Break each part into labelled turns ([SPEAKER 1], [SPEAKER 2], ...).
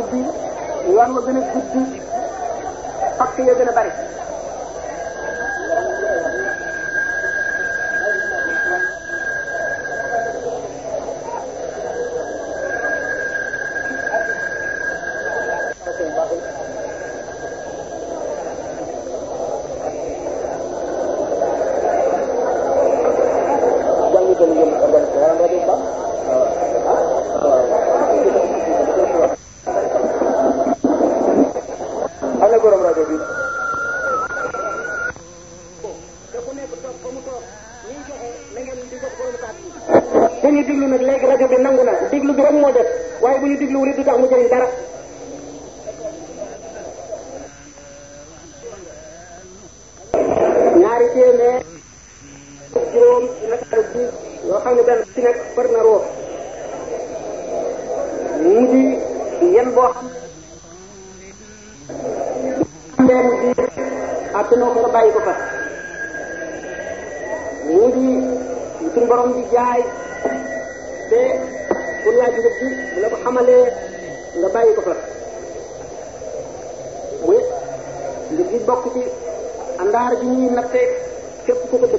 [SPEAKER 1] ubbi yoon wa gën a guddi pakk ya gën a bari ñu ngi boo xam benn ko nga bàyyi ko fa ñu ngi suñu borom di jaay te pour laaj njëg bi la ko xamalee nga bàyyi ko fa mu njëg bi bokk ci àndaar bi ñuy nattee képp ku ko dëgg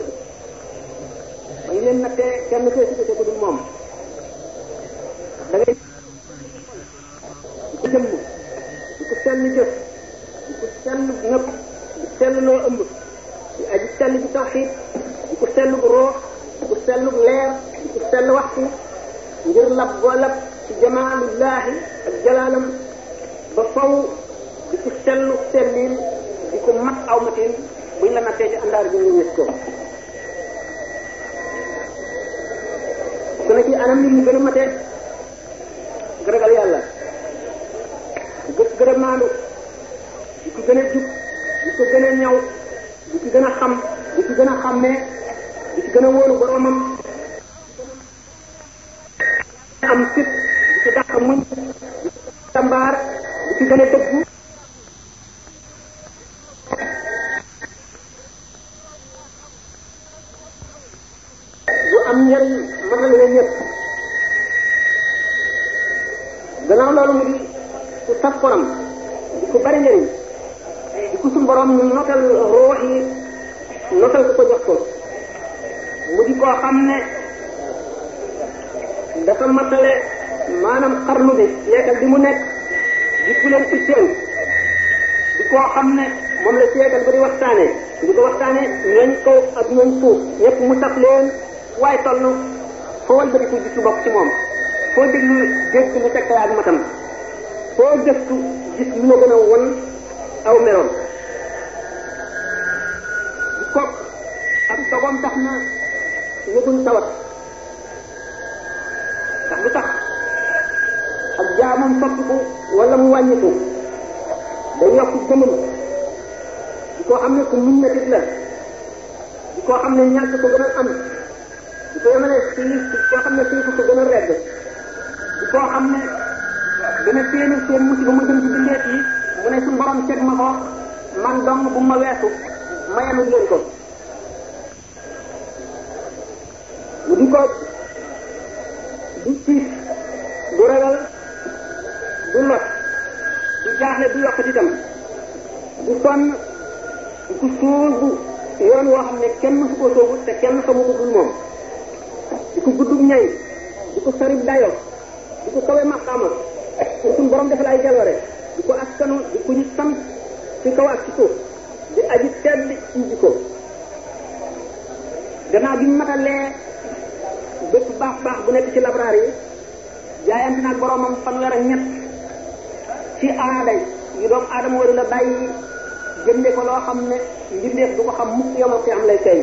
[SPEAKER 1] ba ñu leen nattee kenn kee si ko dul moom sell jëf di ko sell nëpp di sell loo ëmb di aji sell bu tawxiid di ko sell bu roox di ko sell bu leer di ko sell waxtu ngir lab boo lab ci jamaalullaahi ak jalaalam ba faw di ko sellu sellin di ko mat aw matin buñ la nattee ci àndaar bi ñu wis ko su ne ci anam ni mu gën a matee maandu di ci gën a jub di ci gën a ñaw di ci gën a xam di ci gën a xàmmee di ci gën a wóolu boromam am sit di ci dàq muñ di
[SPEAKER 2] ci gën a dëggu
[SPEAKER 1] mu ko du tiis du ragal du lot du jaaxle du yokk itam du sonn du sóobu yoon woo xam ne kenn mësu ko sóobu te kenn xamu ko dul moom di ko sarib dayo di ko kawe maqaama pour suñu borom defal ay jaloore di ko askanu di ko ñu ci kaw ak ci suuf di aji tedd ci jikko gannaaw bi matalee baax baax bu nekk ci labraar yi jaayante nag boromam fanweer ak ñett ci aada yu doomu aadama waru la bàyyi jënde ko loo xam ne mbindeef du ko xam mukk yomal xiyaam lay tey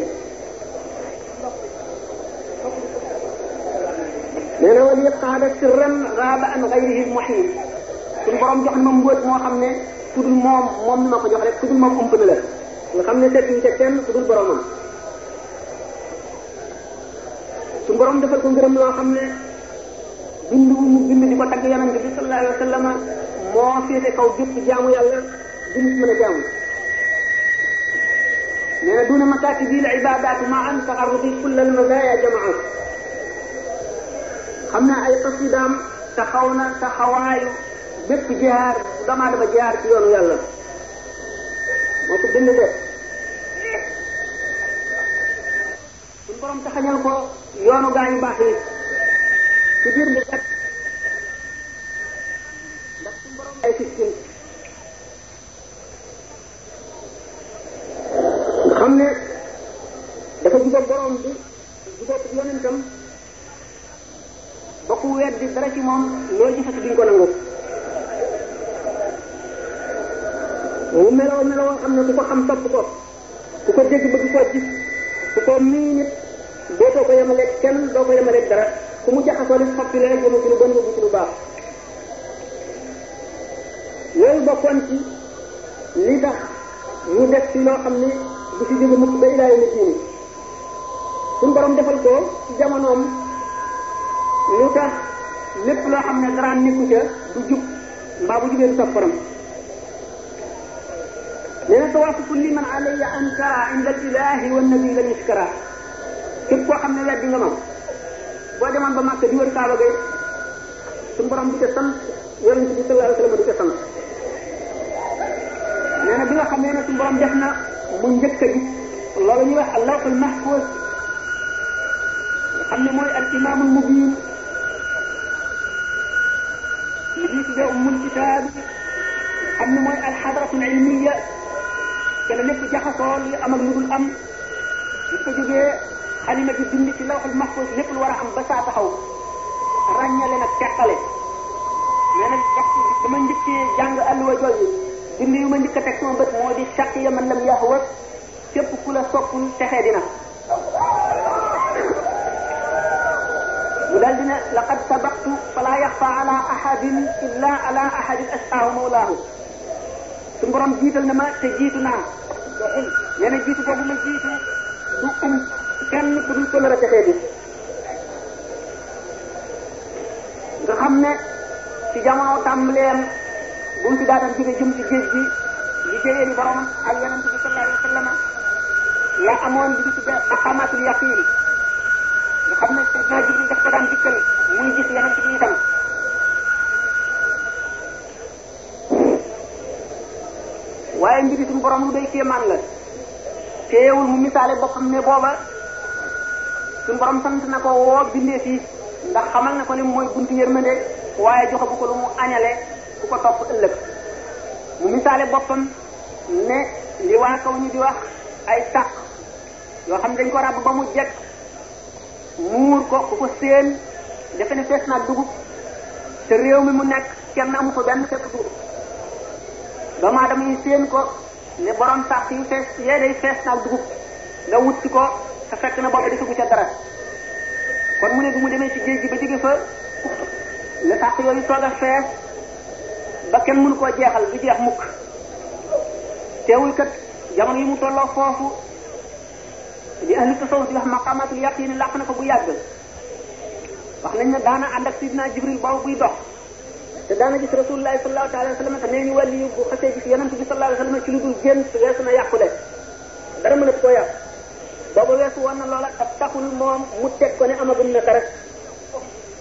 [SPEAKER 1] nee na wali qaada sirran raaba an gayrihi muhim suñu borom jox na mu mbóot moo xam ne ku dul moom moom na ko jox rek ku dul moom ëmb na la nga xam ne tekkiñ ca kenn boromam suñu borom defal ko ngërëm loo xam ne bind mu bind di ko tagg yonent bi sallallahu alayhi wa sallam moo féete kaw bépp jaamu yàlla bi nit mën a jaamu nee na duna makaati bii la ibadaatu ma an taxarudi kullal mazaya jamaa xam na ay xasidaam taxaw na taxawaayu bépp jaar damaa dama jaar ci yoonu yàlla moo ko bind de suñu borom taxañal ko yoonu gaa yu baax yi ci biir bu gàtt ndax su borom ay fiskin
[SPEAKER 2] nga xam ne dafa
[SPEAKER 1] jubóog borom bi jubóog yonentam ba ku weddi dara ci moom loolu gisatu duñ ko nangu mu meloo meloo xam ne ku ko xam topp ko ku ko dégg bëgg koo gis ku ko mii boo too ko yemaleeg kenn doo ko yemaleeg dara ku mu jaxasoo li fàttali rek yóbbu ci lu bon ci lu tax mu def ci loo xam ni du fi jóge mukk ba ilaayu ni diini suñ borom defal ko ci jamonoom lu tax lépp loo xam ne dara nekku ca du jub mbaa bu jubee du topp na tawaafu kulli man alayya képp koo xam ne weddi nga ma boo demoon ba Makka di wër Kaaba ga suñu borom di ko sant yonent bi sallallahu alayhi wasallam di ko sant nee na bi nga xam ne nag suñu borom def na mu njëkk a gis loolu ñuy wax al-lawhul mahfuz nga xam ne mooy al imaamul mubin li ñuy tuddee ummul kitaab xam ne mooy alxadratul ilmiya te lépp jaxasoo li am ak lu dul am su ko jógee. xalima gi bind ci lawxul mahfuz lépp lu war a am ba saa taxaw ràññale nag teqale nee na bi ma njëkkee jàng alluwa a teg sama bët man lam yahwa képp ku la soppul texee dina mu daal dina laqad sabaqtu fala yaxfa ala ahadin illa ala ahadin asqaahu mawlaahu su borom jiital na ma te jiitu naa nee na jiitu boobu ma jiitu du um kenn ku dul ko mën a nga xam ne ci jamono tàmbaleem bu mu ci daatam jóge jëm ci géej gi liggéeyal borom ak yonent bi sallallahu alayhi wa sallam la amoon xam ne Seydina waaye mbiri suñu borom lu doy kéemaan la teewul mu misaale boppam ne booba suñu borom sant na ko woo bindee fii ndax xamal na ko ne mooy buntu de waaye joxe bu ko lu mu añale ku ko topp ëllëg mu misaale boppam ne li waa kaw ñu di wax ay taq yoo xam ne dañ ko ràbb ba mu jekk muur ko ku ko séen defe ne fees naa dugub te réew mi mu nekk kenn amu ko benn fekk dugub doomu aadama yi séen ko ne borom taq yi fees yee day fees naa dugub nga wut ko te fekk na boobu defagu ca dara kon mu ne bi mu demee ci géej gi ba jóge fa la sax yooyu soog a fees ba kenn mënu koo jeexal du jeex mukk teewul kat jamono yi mu tolloo foofu li ahli tasawuf di wax maqamatul yaqin la na ko bu yàgg wax nañ ne daana ànd ak sidina jibril boobu buy dox te daana gis rasulullahi sallallahu taala wa sallam te nee ñu wàlli yu bu xasee gis yonent bi sallallahu alayhi wa sallam ci lu booba weesu woon na loola te taxul moom mu teg ko ne amagum na dara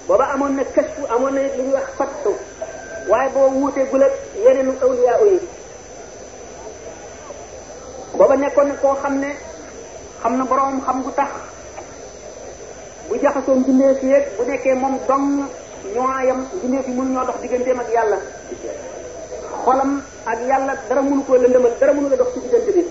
[SPEAKER 1] booba amoon na këstu amoon na li ñuy wax fattu waaye boo wuutee gul ak yeneen awliya yi booba nekkoon na koo xam ne xam na boroom xam gu tax bu jaxasoo mbindeef yi bu nekkee moom dong ñooyam mbindeef yi mun ñoo dox digganteem ak yàlla xolam ak yàlla dara mënu koo lëndëmal dara mënu la dox ci diggante bi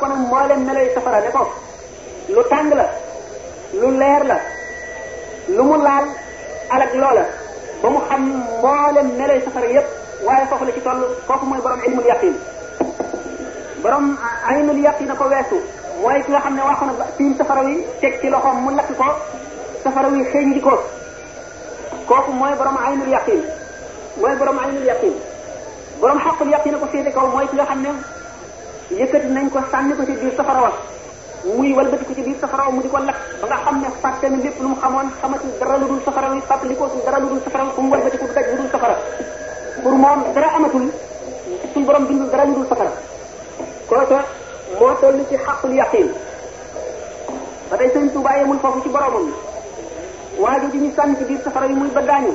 [SPEAKER 1] kon mboolem melay safara ne ko lu tàng la lu leer la lu mu laal alak loola ba mu xam mboolem melay safara yépp waaye foofu la ci toll kooku mooy borom ilmul yaqin borom aynul yaqin a ko weesu mooy ki nga xam ne waxu na tiim safara wi teg ci loxoom mu lakk ko safara wi xëeñ di ko kooku mooy borom aynul yaqin mooy borom aynul yaqin borom xaqul yaqin a ko féete kaw mooy ki nga ne yëkkati nañ ko sànni ko ci biir safara wa muy walbati ko ci biir safara wa mu di ko lakk ba nga xam ne fàtte na lu mu xamoon xamati dara lu dul safara wi fàttali ko dara lu dul safara fu mu walbati ko du daj lu dul safara pour moom dara amatul suñ borom bindul dara lu dul safara kooka moo toll ci xaqul yaqin ba tey sëñ Tuubaa ci foofu ci boromam waajo ji ñu sànni ci biir safara yi muy ba gaañu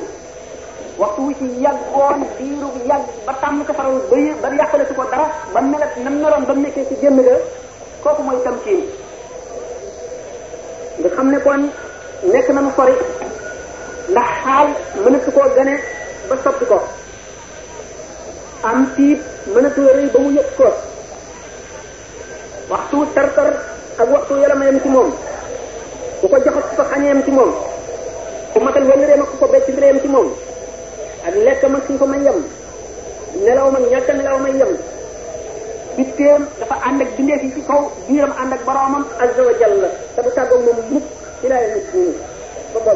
[SPEAKER 1] waxtu wu ci yàggoon diiru yàgg ba tàmm ko faral bëy ba yàqale su ko dara ba melat nam meloon ba mu nekkee ci génn ga kooku mooy tamkiin nga xam ne kon nekk na mu sori ndax xaal mënatu koo gëne ba sot ko am tiit mënatu rëy ba mu yëg ko waxtu tartar ak waxtu yalamayam ci moom ku ko joxat ku ko xañeem ci moom ku matal wëllëreem ak ku ko becc ndireem ci moom ak lekk ma suñ ko may yem nelaw ma ñàkk nelaw may yem itteem dafa ànd ak bindeef yi ci kaw biiram ànd ak boroomam azza wa jalla te bu tàggoog moom mukk ci laay nit ñi ba booba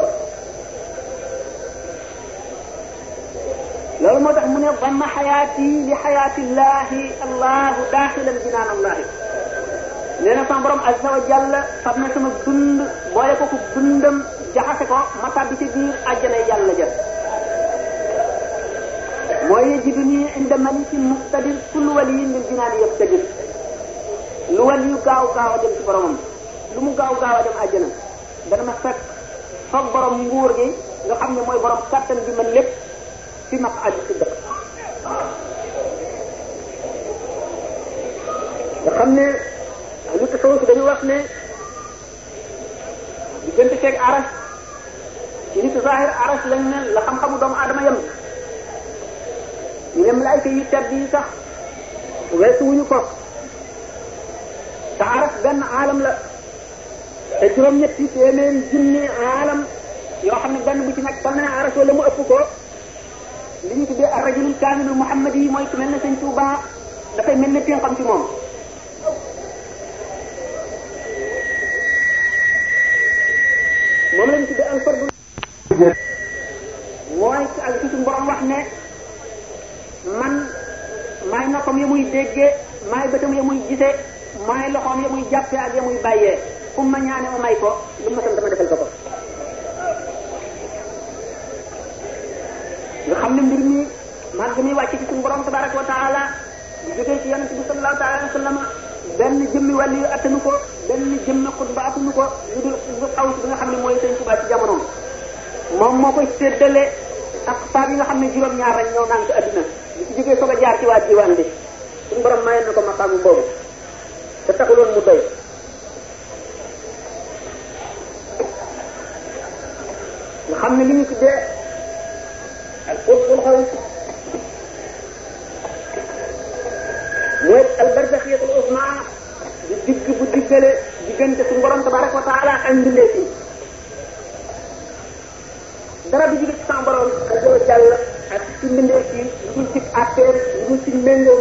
[SPEAKER 1] loolu moo tax mu ne banna xayaati li xayaatillahi allahu daaxilan jinaan allahi nee na sama borom azza wa jalla fab na sama dund boole ko ko dundam jaxase ko ma tàbbi ci biir àjjana yàlla ja ويجدني عند ملك مقتدر كل ولي من جنان يقتدر lu wal yu gaaw gaaw a dem ci boromam lu mu gaaw gaaw a dem àjjana dana ma fekk fa borom nguur gi nga xam ne mooy kattan bi man fi ma ko àjj si dëkk nga xam ne lu tasawuf dañu wax ne diggante feeg aras ci nit zahir aras la xam-xamu doomu aadama yem ñu ne malaayka yi tedd yi sax weesuwuñu ko te aras benn aalam la te juróom-ñetti téeméeri junni aalam yoo xam ne benn bu ci nekk fan na ne mu ëpp li ñu tuddee ar rajulul kaamilul muhammad yi mooy ku mel ne sëñ Tuuba dafay mel ne xam ci moom moom lañ tuddee al fardu mooy ak ci suñu borom wax ne man maay noppam ya muy déggee maay bëtam ya muy gisee maay loxoom ya muy jàppee ak ya muy bàyyee fu ma ñaane ma may ko lu ma sant dama defal ko ko. nga xam ne mbir mi man gi muy wàcc ci suñu borom tabaraka wa taala di jógee ci yonente bi sallallahu taala alayhi benn jëmmi wàll yu attanu ko benn jëmmi xutba attanu ko lu dul lu aw si bi nga xam ne mooy sëñ Tuubaa ci jamonoom moom moo koy séddale ak paa yi nga xam ne juróom-ñaar rek ñëw naan ko adduna di jógee soog a jaar ci waa diwaan bi suñu borom mayoon ko maqaamu boobu te taxuloon mu doy nga xam ne li ñu tuddee al qutbul xaw mooy al barzaxiyatul uzma di digg bu diggale diggante suñu borom tabaraka wa taala ak mbindeef yi dara du jóge ci sama borom ak jëw ak ci mbindee ci lu dul ci affaire lu dul ci méngoo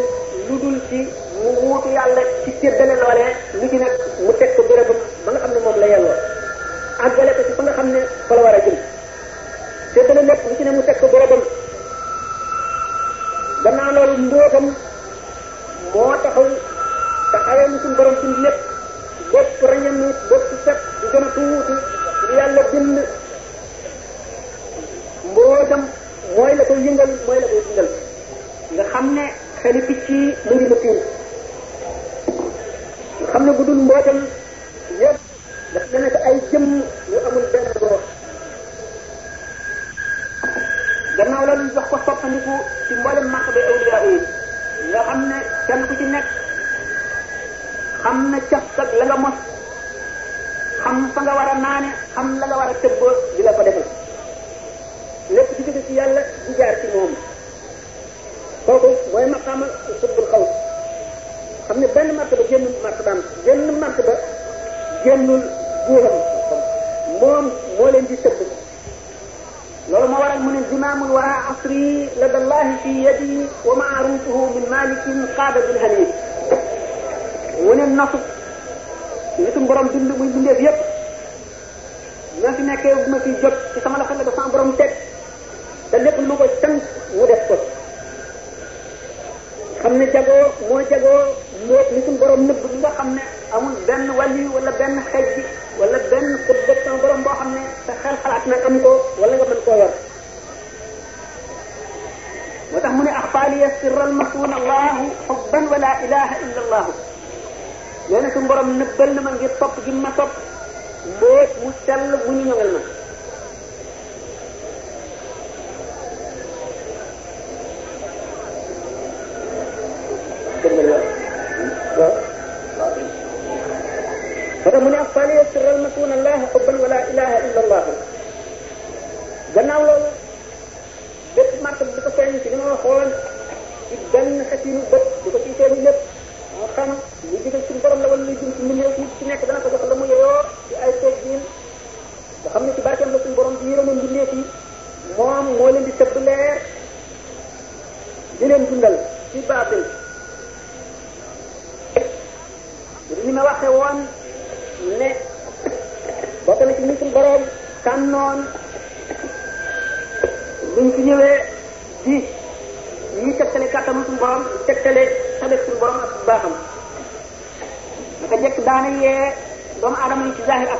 [SPEAKER 1] lu dul ci mu wuutu yàlla ci séddale loolee ci nag mu teg ko bérébam ba nga xam ne moom la yelloo àggale ko ci ba nga xam ne fa la war a jëm séddale lépp lu ci ne mu teg ko bérébam gannaaw loolu mbóotam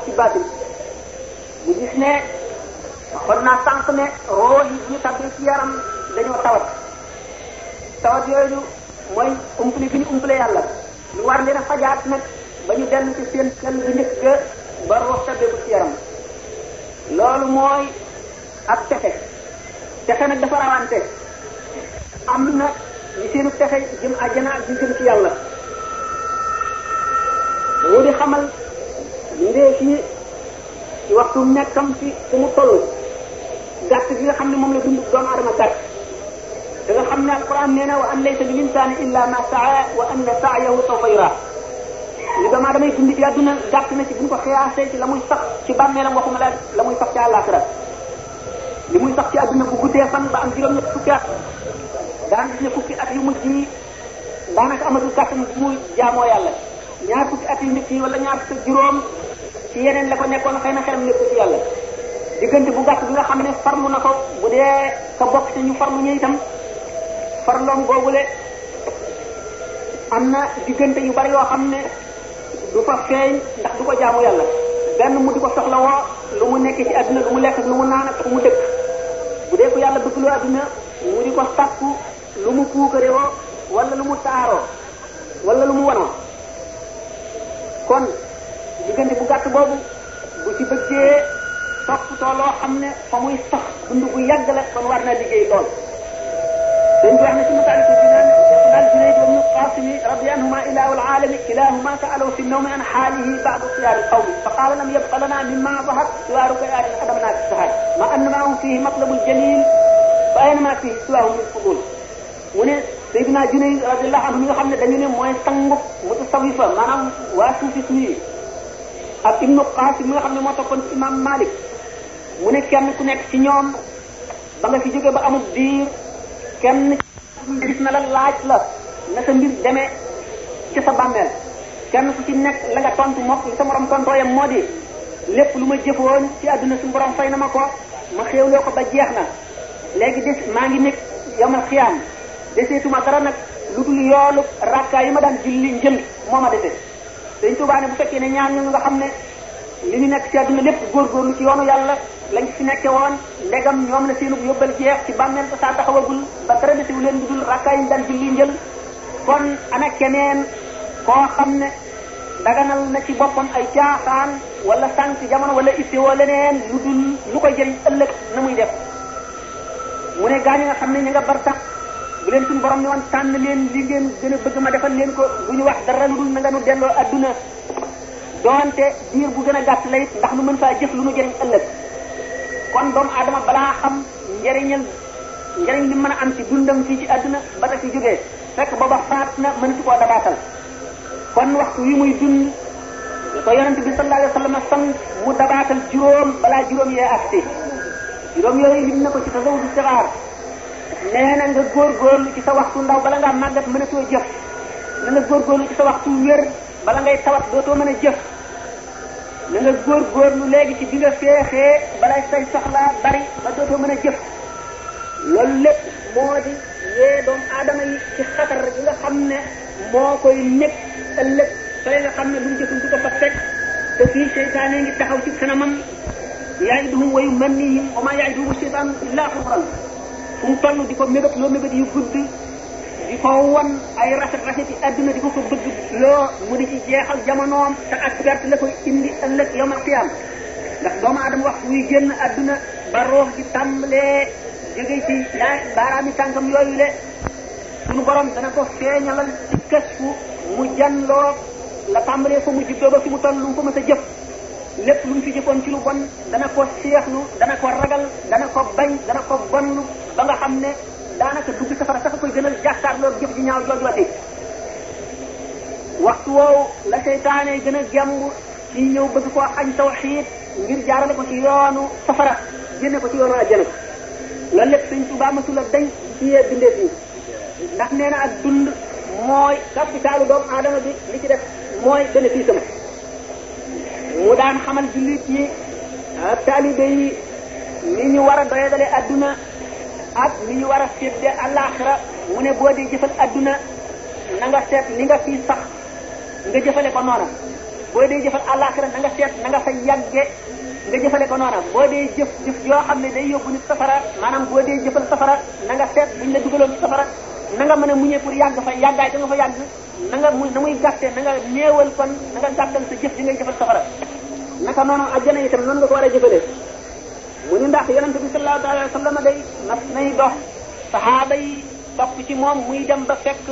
[SPEAKER 1] ci baatin mu gis ne waxoon naa sànq ne roo yi ñu tabbee ci yaram dañoo tawat tawat yooyu mooy umpale bi ñu umpale yàlla ñu war leen a fajaat nag ba ñu dellu ci seen kenn bu njëkk ga ba roo tabbee ko ci yaram loolu mooy ak texe texe nag dafa rawante am na ñu seenu texe jëm àjjana ak ñu ci yàlla mu di xamal jëlee fii ci waxtu nekkam ci fu mu toll gàtt gi nga xam ne moom la dund doomu aadama gàtt da nga xam ne alquran nee na wa an laysa lil insani illa ma saa wa anna sa'yahu sawfa yura li doomu aadama yi dund ci àdduna gàtt na ci bu ñu ko xiyaasee ci la muy sax ci bàmmeelam waxuma la la muy sax ci àllaaxira li muy sax ci àdduna bu guddee fan ba am juróom-ñett fukki at daan gis ne fukki at yu mujj yi daanaka amatul kàttan bu muy jaamoo yàlla ñaar fukki at yu njëkk yi wala ñaar fukki juróom ci yeneen la ko nekkoon xëy na xelam nekku ci yàlla diggante bu gàtt bi nga xam ne farmu na ko bu dee ka bokk ci ñu farmu ñu itam farloom boobule am na diggante ñu bari yoo xam ne du fa feeñ ndax du ko jaamu yàlla benn mu di ko soxla woo lu mu nekk ci adduna lu mu lekk lu mu naan ak mu dëkk bu dee ko yàlla bëgg lu adduna mu di ko sàkku lu mu puukare woo wala lu mu taaroo wala lu mu wanoo kon diggante bu gàtt boobu bu ci bëggee toppatoo loo xam ne fa muy sax dund bu yàgg la kon war na liggéey lool. dañ ko wax ne ci Masaalikul Jinaan daal Junayd ibn Qaasim radiya anhuma ilaahu al-aalami kilaahumaa sa'alahu fi an-nawmi an haalihi ba'da siyaari qawmi fa qaala lam yabqa lanaa mimmaa zahat siwaa ruqyaatin xadamnaa fi sahaat ma annamaa hum fiihi matlabul jaliil fa aynamaa fiihi siwaahu min fuduul mu ne Seydina Junayd radiyallahu anhu mi nga xam ne dañu ne mooy sangu mutasawwifa maanaam waa suufis yi ak ibnu Qaasim mi nga xam ne moo toppoon ci imam Malik mu ne kenn ku nekk ci ñoom ba nga fi jóge ba amul diir kenn gis na la laaj la na sa mbir demee ca sa bàmmeel kenn ku ci nekk la nga tontu mook li sa morom tontoo moo di lépp lu ma jëfoon ci àdduna suñu borom fay na ma ko ma xéewloo ko ba jeex na léegi des maa ngi nekk yomal xiyaam deseetuma dara nag lu dul yoolu rakkaa yi ma daan julli njël moo ma dese dañ tuubaa ne bu fekkee ne ñaan ñu nga xam ne li ñu nekk ci àdduna lépp góorgóorlu ci yoonu yàlla lañ fi nekke woon ndegam ñoom la seenu yóbbal jeex ci bàmmeel ba saa taxawagul ba dara desiwu leen dul rakkaay ñu daan julli njël kon ana keneen koo xam ne daganal na ci boppam ay caaxaan wala sànq jamono wala istiwoo leneen lu dul lu koy jëriñ ëllëg na muy def mu ne gaañu nga xam ne ñu nga bar sax bu leen suñu borom ni woon tànn leen li ngeen gën a bëgg ma defal leen ko bu ñu wax dara lu dul na nga nu delloo adduna doonte diir bu gën a gàtt la ndax nu mën faa jëf lu nu jëriñ ëllëg kon doomu aadama balaa xam njëriñal njëriñ li mën a am ci dundam fii ci adduna ba ci jógee fekk booba faat na mënatu koo dabaatal kon waxtu wi muy dund ko yonent bi sallallahu alayhi wa sallam sant mu dabaatal juróom balaa juróom yee agsi juróom yooyu lim na ko ci tasawudu nee na nga góorgóorlu ci sa waxtu ndaw bala ngaa màggat mënatoo jëf na nga góorgóorlu ci sa waxtu wér bala ngay tawat dootoo mën a jëf na nga góorgóorlu léegi ci bi nga féexee balay say soxlaa bari ba dootoo mën a jëf loolu lépp moo xam ne moo koy nekk ëllëg fële nga xam ne lu mu jëfum du fa fekk te fii seytaane ngi taxaw ci kanamam yaay duhum wayu mannihim wa ma yaay duhum seytaan illa xuburan fu mu toll di ko mébét loo mébét yu gudd di ko won ay rafet rafet yi di ko ko bëgg loo mu di jeexal jamonoom te ak perte la koy indi ëllëg yawmal qiyaam ndax doomu aadama wax muy génn àdduna ba roof di tàmbalee jóge ci ñaari baaraami tànkam yooyu le suñu borom dana ko feeñalal ci kës fu mu janloo la tàmbalee fa mu juddoo ba fi mu toll lu mu fa jëf lépp lu mu fi jëfoon ci lu bon dana ko seexlu dana ko ragal dana ko bañ dana ko bonn ba nga xam ne daanaka dugg safara sax koy gënal jàkkaarloo jëf ji ñaaw joojuwati waxtu woowu la seytaane gën a jàmb ci ñëw bëgg koo xañ tawxiid ngir jaarale ko ci yoonu safara génne ko ci yoonu àjjana loolu lépp Sëriñ Tuubaa masula dañ ci yee bindeef yi ndax nee na ak dund mooy capitalu doomu aadama bi li ci def mooy bénéfice mu daan xamal jullit yi ah, taalibe yi ni ñu war a doyadale adduna ak ni ñu war a sédde àllaaxira mu ne boo dee jëfal adduna na nga seet ni nga fiy sax nga jëfale ko noona boo dee jëfal àllaaxira na nga seet na nga fa yàgge nga jëfale ko noona boo dee jëf jëf yoo xam ne day yóbbu nit safara maanaam boo dee jëfal safara na nga seet buñ la dugaloon safara na nga mu a muñee pour yàgg fa yàggaay da nga fa yàgg na nga mu na muy gàtte na nga néewal kon na nga gàttal sa jëf di ngay jëfal safara naka noonu àjjana itam noonu nga ko war a jëfalee mu ni ndax yonente bi sallallahu alayhi bay sallam day nas nay dox saxaaba yi topp ci moom muy dem ba fekk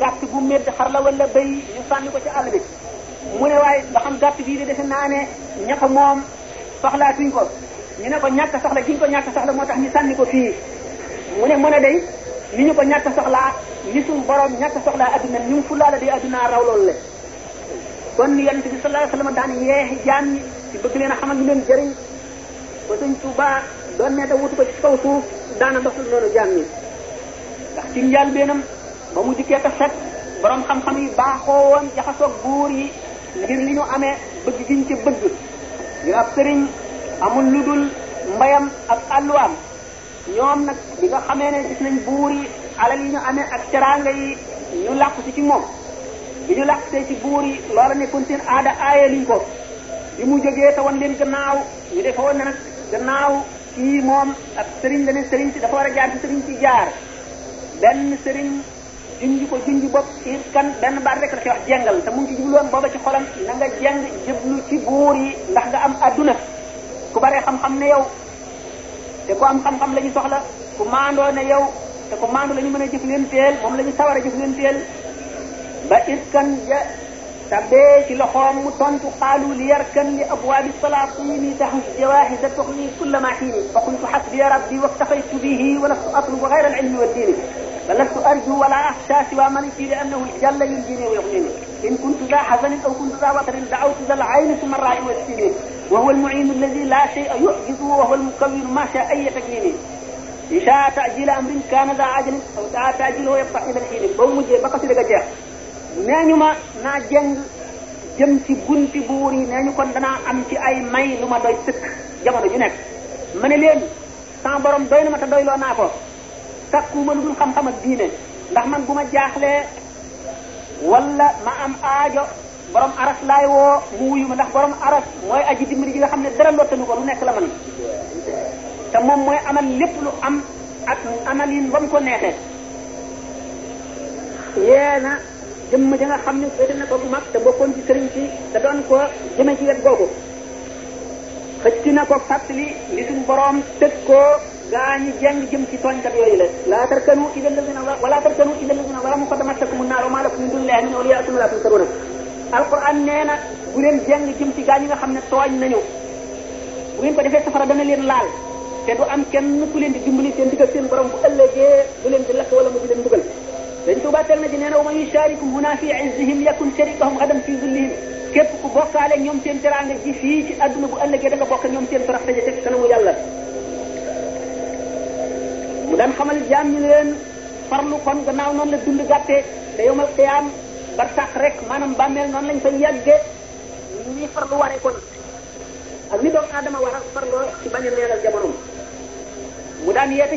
[SPEAKER 1] gàtt gu médd xar la wala béy ñu sànni ko ci àll bi mu ne waaye nga xam gàtt bii de defe naa ne ña ko moom soxlaatuñ ko ñu ne ko ñàkk soxla kiñ ko ñàkk soxla moo tax ñu sànni ko fii mu ne mën a day ni ñu ko ñàkk soxlaa ni suñu borom ñàkk soxlaa adduna ni mu fulaale di adduna raw kon yonent bi sallallahu alayhi wasallam daan yeexi jaam ñi ci bëgg leen a xamal ñu leen jëriñ ba suñ Tuubaa doon ne te wutu ko ci kaw suuf daana dox noonu jaam ci njaal beenam ba mu dikkee te set borom xam-xam yi baaxoo woon jaxasoog buur yi ngir li ñu amee bëgg giñ ci bëgg ngir ab sëriñ amul lu dul mbayam ak àlluwaam ñoom nag bi nga xamee ne gis nañ buur yi alal yi ñu amee ak teraanga yi ñu làqu si ci moom bi ñu làqu see ci buur yi loola nekkoon seen aada aaye liñ ko bi mu jógee te wan leen gannaaw ñu defoon ne nag gannaaw kii ak sëriñ la sëriñ si dafa war a jaar ci sëriñ si jaar benn sëriñ junj ko junj bopp ci kan benn baat rek la ci wax jengal te mu ngi ci jubluwoon booba ci xolam na nga jeng ci buur yi ndax ga am adduna ku bare xam-xam ne yow te ku am xam-xam la ñu soxla ku maandoo ne yow te ku maandu la ñu mën a jëflanteel moom la ñu sawar a jëflanteel ba iskan ja tabbee ci loxoom mu tontu xaalu li yarkan li abwaabi salaatini tahus jawaahisa tuxni kulla ma xiini fa qultu xasbiya rabbi waftaqaytu bihi wa lastu atlubu gayra al ilmi wa diini فلست أرجو ولا أخشى سوى من يشير أنه الجل ينجيني ويغنيني إن كنت ذا حزن أو كنت ذا وتر دعوت ذا العين ثم الراء والسنين وهو المعين الذي لا شيء يعجزه وهو المكبر ما شاء أي تكوين إن شاء تعجيل أمر كان ذا عجل أو شاء تعجيله يبقى إلى الحين ba mu mujjee ba xasi daga jeex nee ñu ma naa jëng jëm ci bunti buur yi nee ñu kon danaa am ci ay may lu ma doy sëkk jamono ju nekk ma ne leen sama borom doy na ma te doyloo naa ko sàkkuuma lu dul xam-xam ak diine ndax man bu ma jaaxlee wala ma am aajo boroom aras laay woo mu wuyu ma ndax borom aras mooy aji dimbali ji nga xam ne dara lottanu ko lu nekk la man te moom mooy amal lépp lu am ak amalin ba mu ko neexee yee na jëmm ma nga xam ne féete na ko bu mag te bokkoon ci sëriñ si te doon ko jëme ci wet googu xëcc na ko fàttali li suñu borom tëj ko gaa ñi jàng jëm ci tooñkat yooyu la laa tarkanu ilal lazina wala tarkanu ilal lazina zalamu fa tamassakkumu naaru wa maa lakum min dunillahi min awliyaa thumma laa tunsaruun alquran nee na bu leen jàng jëm ci gaa ñi nga xam ne tooñ nañu bu ngeen ko defee safara dana leen laal te du am kenn ku leen di dimbali seen diggal seen borom bu ëllëgee du leen di lakk wala mu di leen dugal dañ tuubaatal na ci nee na wa man yusharikum huna fi izzihim yakun sharikahum adam fi zullihim képp ku bokkaale ñoom seen teraanga ji fii ci adduna bu ëllëgee da nga bokk ñoom seen torox taje te kanamu yàlla mu daan xamal jaam ñi leen farlu kon gannaaw noonu la dund gàttee te yawmal qiyaam barsax rek maanaam bàmmeel noonu lañ fay yàggee ni farlu waree kon ak ni doomu aadama war a farloo ci bañ a leeral jamono mu daan yeete ci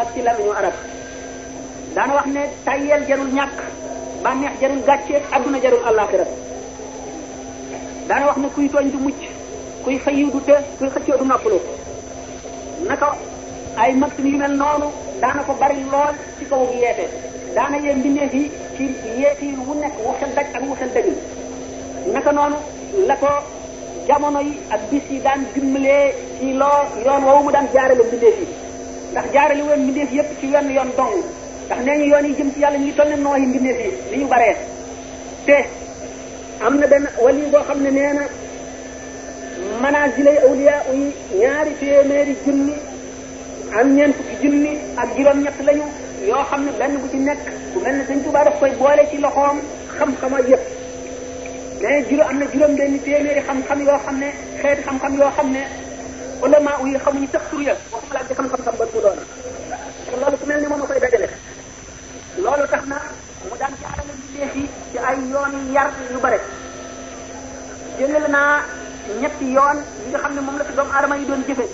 [SPEAKER 1] ak ci làmmiñu arab daana wax ne tayyeel jarul ñàkk bànneex jarul gàcce adduna jarul àllaaxira daana wax ne kuy tooñ du mucc kuy xëyiw du te kuy xëccoo du noppalu naka ay maxime yu mel noonu daana ko bari lool ci kaw yeete daana yee mbindeef yi ci wu nekk wu xel daj ak wu xel dajul naka noonu la ko jamono yi ak bis yi daan dimbalee ci loo yoon woowu mu daan jaarale mbindeef yi ndax jaarale woon mbindeef yépp ci wenn yoon dong ndax nee ñu yoon yi jëm ci yàlla ñu toll ne nooyi mbindeef yi li te am na benn wali boo xam ne nee na manazilay awliya yi ñaari téeméeri junni am ñeent fukki junni ak ñett lañu yoo xam ne benn bu ci nekk bu mel ne Sëñ Tuubaa daf koy boole ci loxoom xam-xam ak yëpp mais juróom am na juróom-benn téeméeri xam-xam yoo xam ne xeeti xam-xam yoo xam ne ulama yi xamuñu sax tur ya waxuma la ak xam-xam ba mu doon te loolu koy dajale loolu tax na mu daan ci alal bindee ci ay yoon yar yu bare jëlal naa ñetti yoon yi xam ne moom la fi doomu aadama yi doon jëfe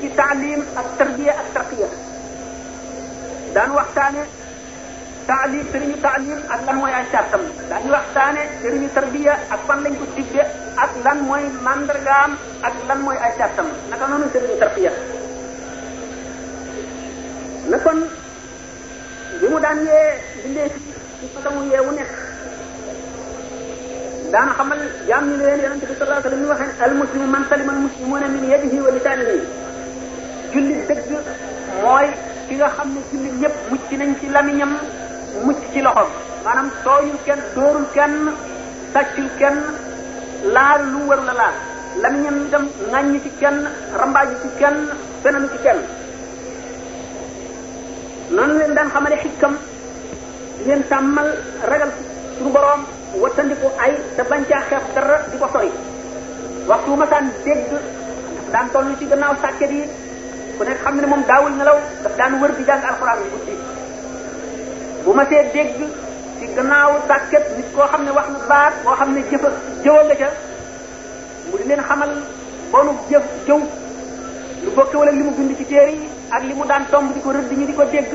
[SPEAKER 1] ci taalim ak tarbiya ak tarqiya daan waxtaane taalim sëriñu taalim ak lan mooy ay sartam daañu waxtaane sëriñu tarbiya ak fan lañ ko digge ak lan mooy mandargaam ak lan mooy ay sartam naka noonu sëriñu tarqiya na kon bi mu daan yee bindee ci façon yeewu nekk daana xamal jaam ñu leen yonente bi sallallahu alayhi wa sallam ñu waxee al muslimu man salima al muslimuna min yadihi wa lisanihi julli dëgg mooy ki nga xam ne julli ñëpp mucc nañ ci lamiñam mucc ci loxoom maanaam tooñul kenn dóorul kenn sàccul kenn laal lu mu warul la laal lamiñam itam ŋàññi ci kenn rambaaju ci kenn fenam ci kenn noonu leen daan xamale xikkam di leen tàmmal ragal suñu boroom wattandiku ay te bañ caa xeeb dara di ko sori waxtu masaan dégg daan toll ci gannaaw sàkket yi ku ne xam ne moom daawul nelaw daf daan wër di jàng alxuraan bi guddi bu ma see dégg ci gannaaw sàkket nit koo xam ne wax na baat koo xam ne jëfa jëwa nga ca mu di leen xamal bonu jëf jëw lu bokke wala li mu bind ci téere yi ak li mu daan tomb di ko rëdd ñu di ko dégg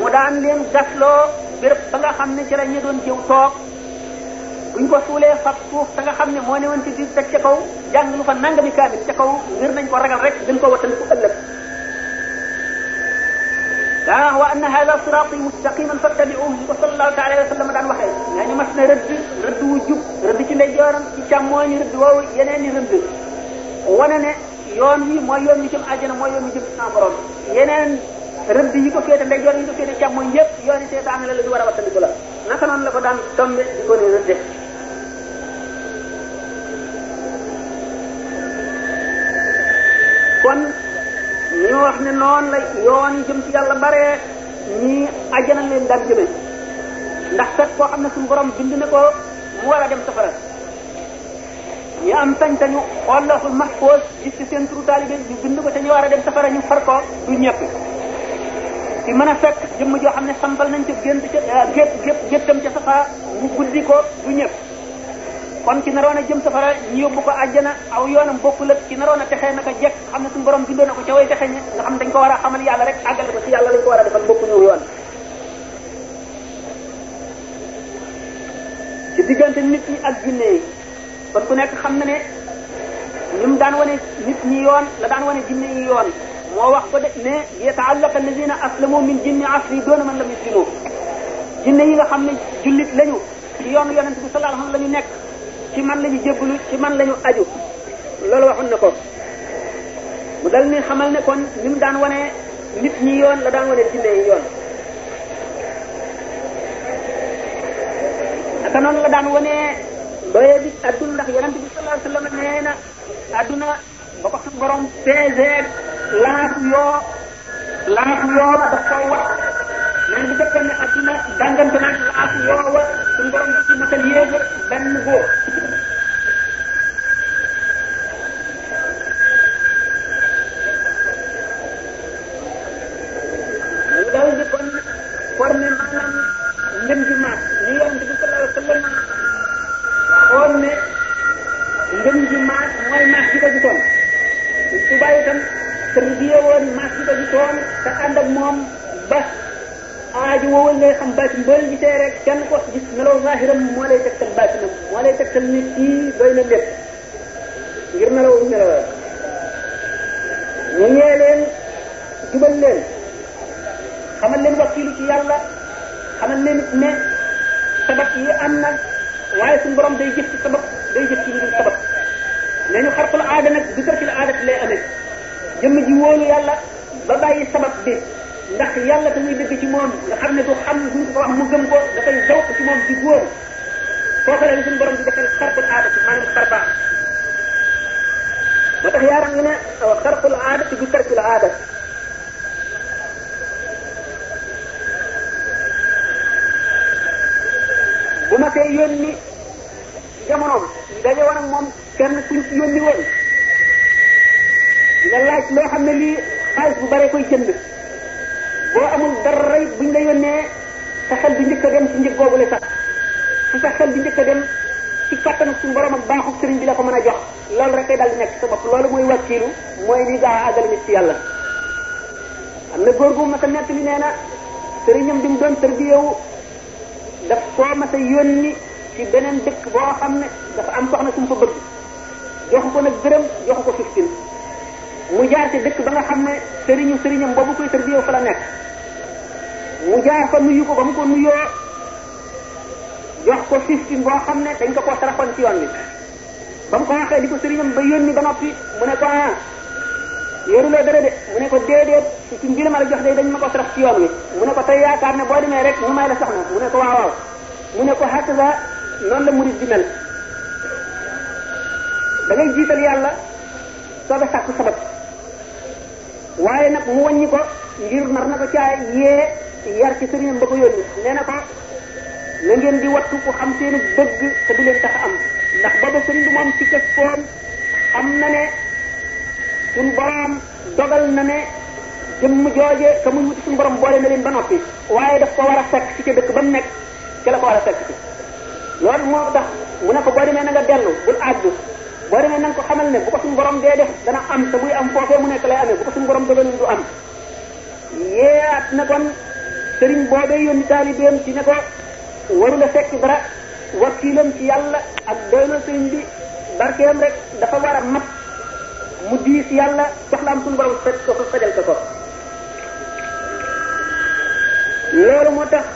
[SPEAKER 1] mu daan leen gasloo béréb ba nga xam ne ci la ñu doon jëw toog bu ñu ko suulee fab suuf sa xam ne moo ne woon ci biir teg ca kaw jàng lu fa nangami kaamil ca kaw ngir nañ ko ragal rek gën ko wattan ku ëllëg ah wa anna hada sirati mustaqiman fattabi'uhu ñu ko sallallahu taala alayhi wa sallam daan waxee nee ni mas na rëdd rëdd wu jub rëdd ci ndeyjooram ci càmmooñu rëdd woowu yeneen ni rëdd wane ne yoon wi moo yoon wi jëm àjjana moo yoon wi jëm sans borom yeneen rëdd yi ko féete ndeyjoor yi ko féete càmmooñ yëpp yooni seetaane la la du war a wattandiku la naka noonu la a daan tombe di kon ñi wax ne noonu la yoon jëm ci yàlla bare ñii ajjana leen daan jëme ndax kat koo xam ne suñu borom bind ne ko mu war a dem safara ñi am sañ-sañu xool lawhul mahfuz gis ci seen turu taalibe ñu bind ko te ñu war a dem safara ñu far ko du ñëpp ci mën a fekk jëm joo xam ne sampal nañ ca gént ca gépp gépp géttam ca safa mu guddi ko du ñëpp kon ci naroon a jëm safara ñu yóbbu ko àjjana aw yoonam bokkul ak ci naroon a texee naka jekk xam ne suñu borom bindoo na ko ca way texe ñi nga xam dañ ko war a rek àggale ko ci yàlla lañ ko war a defal bokkuñu yoon ci diggante nit ñi ak jinne yi kon ku nekk xam na ne ni daan wane nit ñi yoon la daan wane jinne yi yoon moo wax ko de ne yata'allaq alladhina aslamu min jinni asri doona man lam yuslimu jinne yi nga xam ne jullit lañu ci yoonu yonent bi sallallahu alayhi wa sallam la ñu nekk ci man la ñu jébbalu ci man lañu ñu aju loolu waxoon na ko mu dal ni xamal ne wane nit ñi yoon la daan wane jinne yi yoon naka la daan wane doye adduna ndax yonent bi sallallahu alayhi wasallam na adduna ba ko suñu borom peser laatu yoo laatu daf koy wax mais bu fekkee ne adduna dàngante nag laatu yoo wa suñu borom daf ci matal yéeg benn góor ndigal yàlla soobe sàkku sabab waaye nag mu wàññi ko ngir nar na ko caa yee yar ci sëriñam ba ko yónni nee na ko na ngeen di wattu ku xam seen bëgg am ndax booba sëriñ bi moom ci kës foom xam na ne suñ borom dogal na ne jëmm jooje ka muy wuti suñu borom boole na leen ba noppi waaye daf ko war a fekk ci ca dëkk ba mu nekk ca la ko war a fekk ci loolu moo tax mu ne ko boo demee na nga dellu bul àgg boo demee ko xamal ne bu ko suñu borom dee def dana am te buy am foofee mu nekk lay amee bu ko suñu borom dogalul du am yeeyaat na kon sëriñ boobee yónni taalibeem ci ne ko warula fekk dara wakiilam ci yàlla ak doyna sëriñ bi barkeem rek dafa war a mat mu diis yàlla soxlaam suñu borom faj ko fajal ko ko loolu moo tax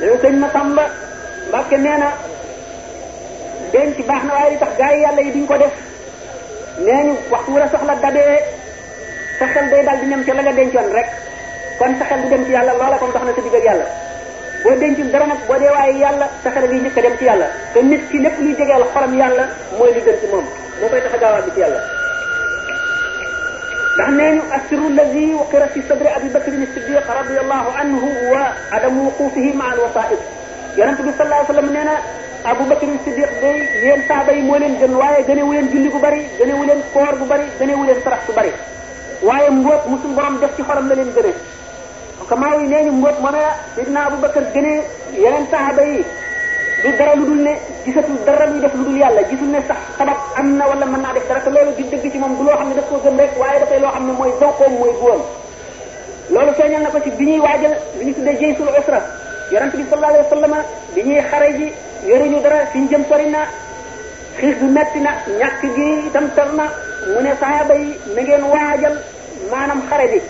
[SPEAKER 1] dañu sëñ ma sàmba mbàkke nee na denc baax na waaye tax gaa yi yàlla yi duñ ko def nee ñu waxtu wala soxla ba sa xel day dal di nem ca la nga dencoon rek kon sa xel du dem ci yàlla loola kon dox na sa digg ak yàlla boo dencul dara nag boo dee waaye yàlla sa xel liy njëkk dem ci yàlla nit ki lépp mooy li gën ci moom tax a gaawaat bi ci yàlla ndax nee ñu asiru lazi waqira fi sadri abi bakrin siddiq radiallahu anhu wa adamu wuqufihi ma al a yonent bi sallallahu Abu Bakr Siddiq day yéen saaba yi moo leen gën waaye gënewu leen julli bu bari gënewu leen koor bu bari gënewu leen sarax bu bari waaye mbóot musul borom def ci xolam la leen gëne kamaa yi nee ñu mbóot mën a Sidna Abu Bakr gënee yeneen saaba yi du dara lu dul ne gisatul dara luy def lu dul yàlla gisul ne sax sabab am na man naa def dara te loolu di dëgg ci moom du loo xam ne daf koo rek waaye dafay loo xam ne mooy zawkoom mooy góom loolu feeñal na ko bi ñuy waajal bi ñu tuddee jëy sul usra yonent bi sallallahu alayhi wa sallam bi yoruñu dara fi ñu jëm sori na xiif bi metti na ñàkk gi itam tar na mu ne saxaaba yi na ngeen waajal maanaam xare bi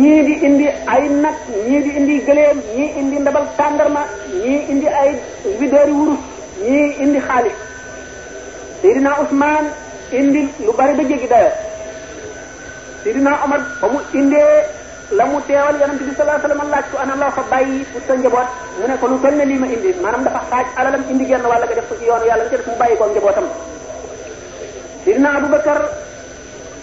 [SPEAKER 1] ñii di indi ay nag ñii di indi gëléem ñii indi ndabal tàndarma ñii indi ay wideeri wurus ñii indi xaalis Seydina Ousmane indi lu bari ba jéggi dayo Seydina Omar ba mu la mu teewal yonent bi sallallahu alayhi laaj ko ana loo fa bàyyi pour sa njaboot mu ne ko lu toll ne lii ma indi maanaam dafa xaaj alalam indi genn wàll nga def ko ci yoonu yàlla nga ca def mu bàyyi ko njabootam sidina Abubakar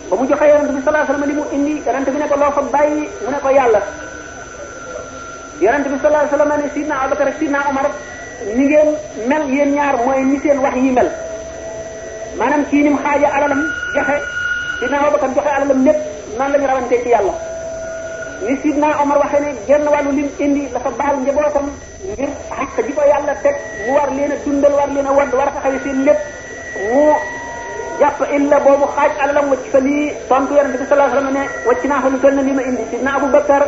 [SPEAKER 1] ba mu joxe yonent bi sallallahu alayhi wasallam li mu indi bi ne ko loo fa bàyyi mu ne ko yàlla yonent bi sallallahu alayhi wasallam ne ñaar mooy ni seen wax yi maanaam kii ni mu xaaja alalam joxe sidina Abubakar joxe alalam lépp noonu la ñu rawantee ci yàlla ni Sidna Omar waxee ne genn wàllu lim indi la fa baal njabootam ngir xaq ji ko yàlla teg mu war leen a dundal war leen a wadd war a taxawee seen lépp mu jàpp illa boobu xaaj alalam wacc fa lii tontu yonente bi sallallahu alayhi wasallam ne wacc naa fa lu toll na li ma indi Sidna Abu Bakar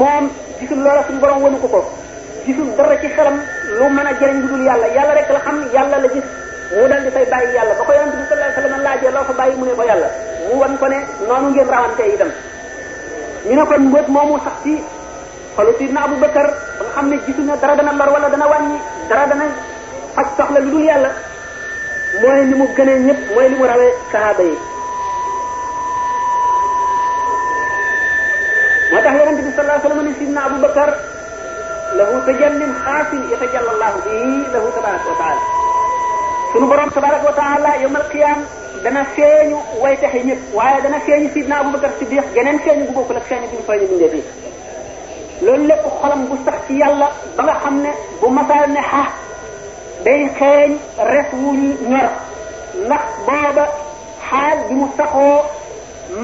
[SPEAKER 1] moom gisul loola suñu borom wanu ko ko gisul dara ci xelam lu mën a jëriñ dudul yàlla yàlla rek la xam yàlla la gis mu dal di fay bàyyi yàlla ba ko yonente bi sallallahu alayhi wasallam laajee fa bàyyi ko yàlla mu ñu ne kon mbóot moomu sax ci xolu sidna Abu Bakar ba nga xam ne gisu dara dana lor wala dana wàññi dara dana faj soxla lu dul mooy li mu gënee ñëpp mooy li mu rawee sahaaba yi moo tax yonente bi sallallahu alayhi wa ni sidna Abu Bakar lahu tajallin xaasin yatajalla allahu bihi lahu tabaraka wa taala sunu borom tabaraka wa taala dana feeñu way texe ñëpp waaye dana feeñu sidna Abubakar Siddiq geneen feeñu bu bokkul ak feeñu bi mu feeñu bindee bi loolu lépp xolam bu sax ci yàlla ba nga xam ne bu masaa ne xaa day xeeñ res wu ñor ndax booba xaal bi mu saxoo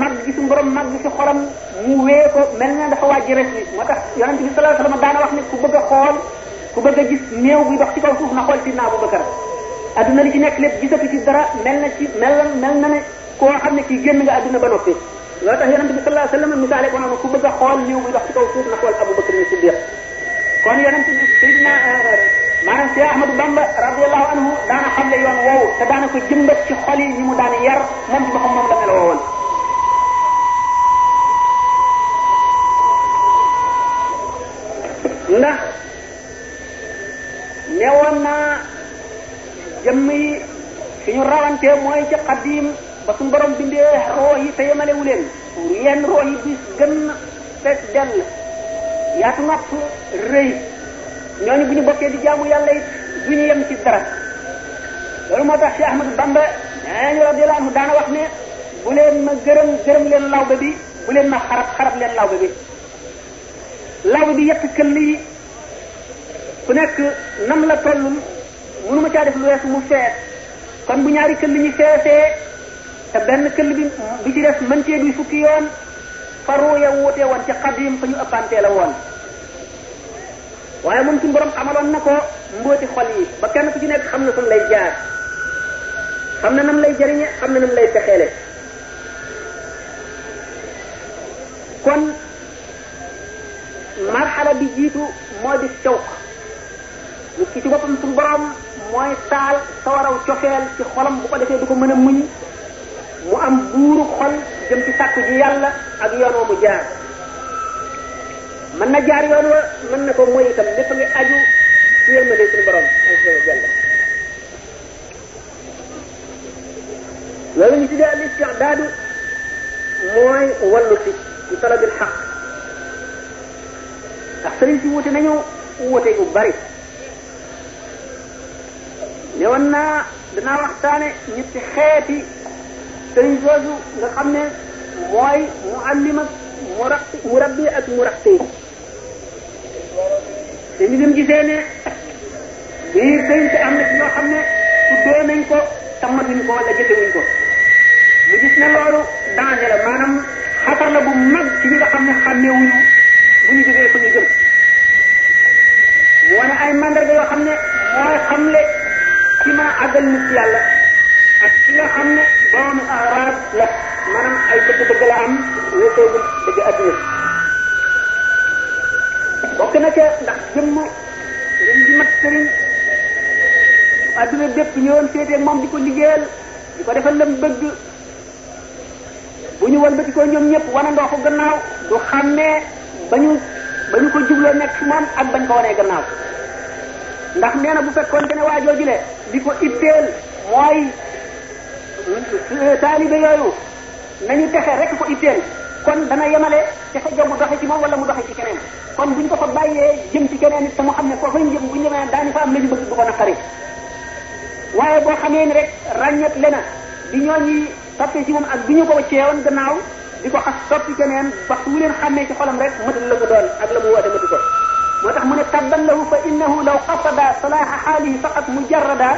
[SPEAKER 1] mag gi su borom mag gi si xolam mu wee ko mel na dafa wàjji res wi moo tax yonente bi sallallahu alayhi wasallam daana wax ne ku bëgg a a gis néew bi dox ci kaw suuf na xool sidna Abubakar adduna li ci nekk lépp gisatu ci dara mel na ci mel na mel na ne koo xam ne kii génn nga adduna ba noppi loolu tax yonente bi sallallahu alayhi wa sallam misaale ko noonu ku bëgg a xool liw bi dox ci kaw suuf na xool Abu Bakr ni Siddiq kon yonente bi sayidina maanaam Cheikh Ahmadou Bamba radiallahu anhu daana xamle yoon woowu te daana ko jëmbat ci xol yi ñi mu daan yar moom ci boppam moom la meloo woon ndax newoon naa jëmm yi fi ñu rawante mooy ci xadim ba suñu borom bindee roo yi te yemalewu leen yenn roo yi bis gën fees dell yaatu nopp rëy ñooñu bu ñu bokkee di jaamu yàlla it bu ñu yem ci dara loolu moo tax Cheikh Ahmadou Bamba nañu radiyallahu anhu daana wax ne bu leen ma gërëm gërëm leen lawbe bi bu leen ma xarab xarab leen lawbe bi lawbe bi yett këll ku nekk nam la tollul mënuma caa def lu weesu mu fees kon bu ñaari këll ñu feesee te benn këll bi bi ci def mën cee duy fukki yoon faru ya wuute woon ci xadim fa ñu ëppantee la woon waaye moom suñu borom amaloon na ko mbooti xol yi ba kenn ku ci nekk xam na suñ lay jaar xam na nam lay jariñe xam na nam lay fexeele kon marxala bi jiitu moo di cawk nit ki ci boppam suñu borom mooy taal sawaraw cofeel ci xolam bu ko defee du ko mën a muñ mu am buuru xol jëm ci sàkku ji yàlla ak yoon wa mu jaar mën na jaar yoon wa mën na ko mooy itam lépp ngi aju ci yërmande suñu borom azza wa jalla loolu ñu al istidaadu mooy wallu si ci talabil xaq ndax sëriñ si wuute nañu wuute yu bari ne woon naa danaa waxtaane ñetti xeeti sëriñ soosu nga xam ne mooy muallim ak murabbi murabbi ak murabbi dañu dem gisee ne lii sëriñ si am na ci ñoo xam ne tuddoo nañ ko tammatuñ ko wala jëfewuñ ko mu gis ne loolu danger la maanaam xatar la bu mag ci ñi xam ne xàmmeewuñu bu ñu jógee fu ñu jëm mu wane ay mandarga yoo xam ne mooy xamle ki mën àggal nit yàlla ak ki nga xam ne boroom araad la maanaam ay dëgg-dëgg la am wéeteegul dëgg adduna bokk na ndax jëmm liñ di mat sëriñ adduna bépp ñëwoon féetee moom di ko liggéeyal di ko defal lam bu ñu walbati ko ñoom ñëpp wanandoo ko gannaaw du xàmmee ba ñu ba ñu ko jubloo nekk ci ak bañ ko wanee gannaaw ndax nee bu fekkoon waa jooju di ko itteel mooy taalibe yooyu nañu texe rek ko itteel kon dana yemale texe ja mu doxe ci moom wala mu doxe ci keneen kon buñ ko fa bàyyee jëm ci keneen it te mu xam ne foofu ñu jëm buñ demee daani fa am lañu bëgg bu ko naqari waaye boo xamee ni rek ràññat lena di ñooñu toppee ci moom ak bi ñu ko ceewoon gannaaw di ko xas soppi keneen wax wu leen xàmmee ci xolam rek matal la mu doon ak la mu woote matu ko moo tax mu ne tabban lahu fa innahu law qasada salaaha xaalihi faqat mujarrada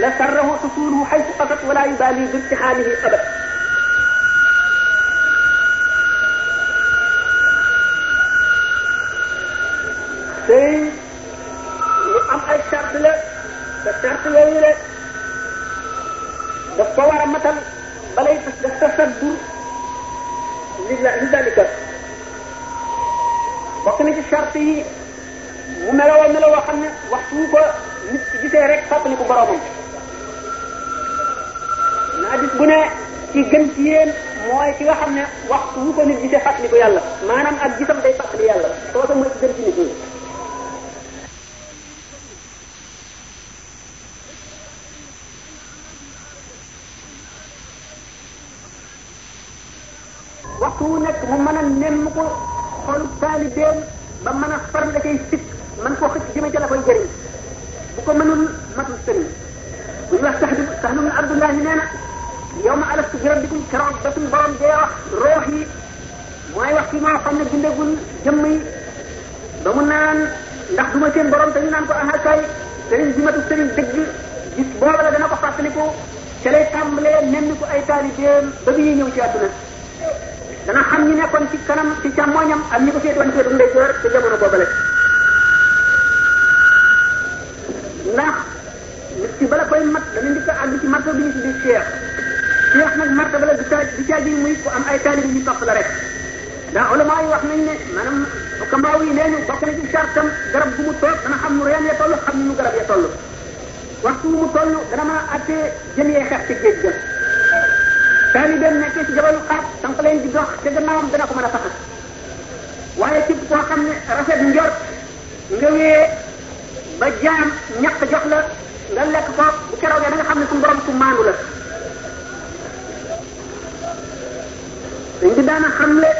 [SPEAKER 1] la sarrahu xusuluhu xaytu qasat wala yubali bi ibtixaalihi abad tey lu am ay charte la te charte yooyu la daf ko war a matal balay daf tasaddur li li dalika bokk na ci charte yi mu meloo meloo woo xam ne waxtu wu ko nit ki gisee rek fàttaliku boromam
[SPEAKER 2] naa gis bu ne ci
[SPEAKER 1] gën ci mooy ki nga xam ne waxtu wu ko nit gisee fàttaliku yàlla maanaam ak gisam day fàttali yàlla kooku mooy ci gën ci nit ñi. mu mën a nemm ko xol taalibeem ba mën a far sit jëme ca la koy jëriñ bu ko mënul matul sëriñ bu ñu wax sax du sax du abdullahi nee na yow ma alastu bi rabbikum keroog ba suñu borom dee wax roox yi mooy wax ci moo xam ne bindagul jëmm yi ba mu naan ndax du ma seen borom te ñu naan ko ahakay sëriñ bi matul sëriñ dëgg gis booba la dana ko fàttaliku ca lay tàmbalee nemmi ko ay taalibeem ba bi ñuy ñëw ci àdduna dana xam ñi nekkoon ci kanam ci càmmoñam ak ñi ko féetewoon féetu sëriñ muy ku am ay taalibe yu topp la rek ndax ulama yi wax nañ ne maanaam xukkamaaw yi nee ñu bokk na ci sartam garab gu mu toog dana xam nu reen ya toll xam nu garab ya toll waxtu wu mu toll dana mën a àttee jën yee xeex ci géej ga taalibeem nekkee ci jabalu xaat sànq leen di dox te gannaawam dana ko mën a faxas waaye képp koo xam ne rafet njort nga wee ba jaam ñaq jox la nga lekk ko bu keroog da nga xam ne suñu borom ku maandu la dañ di daana xamle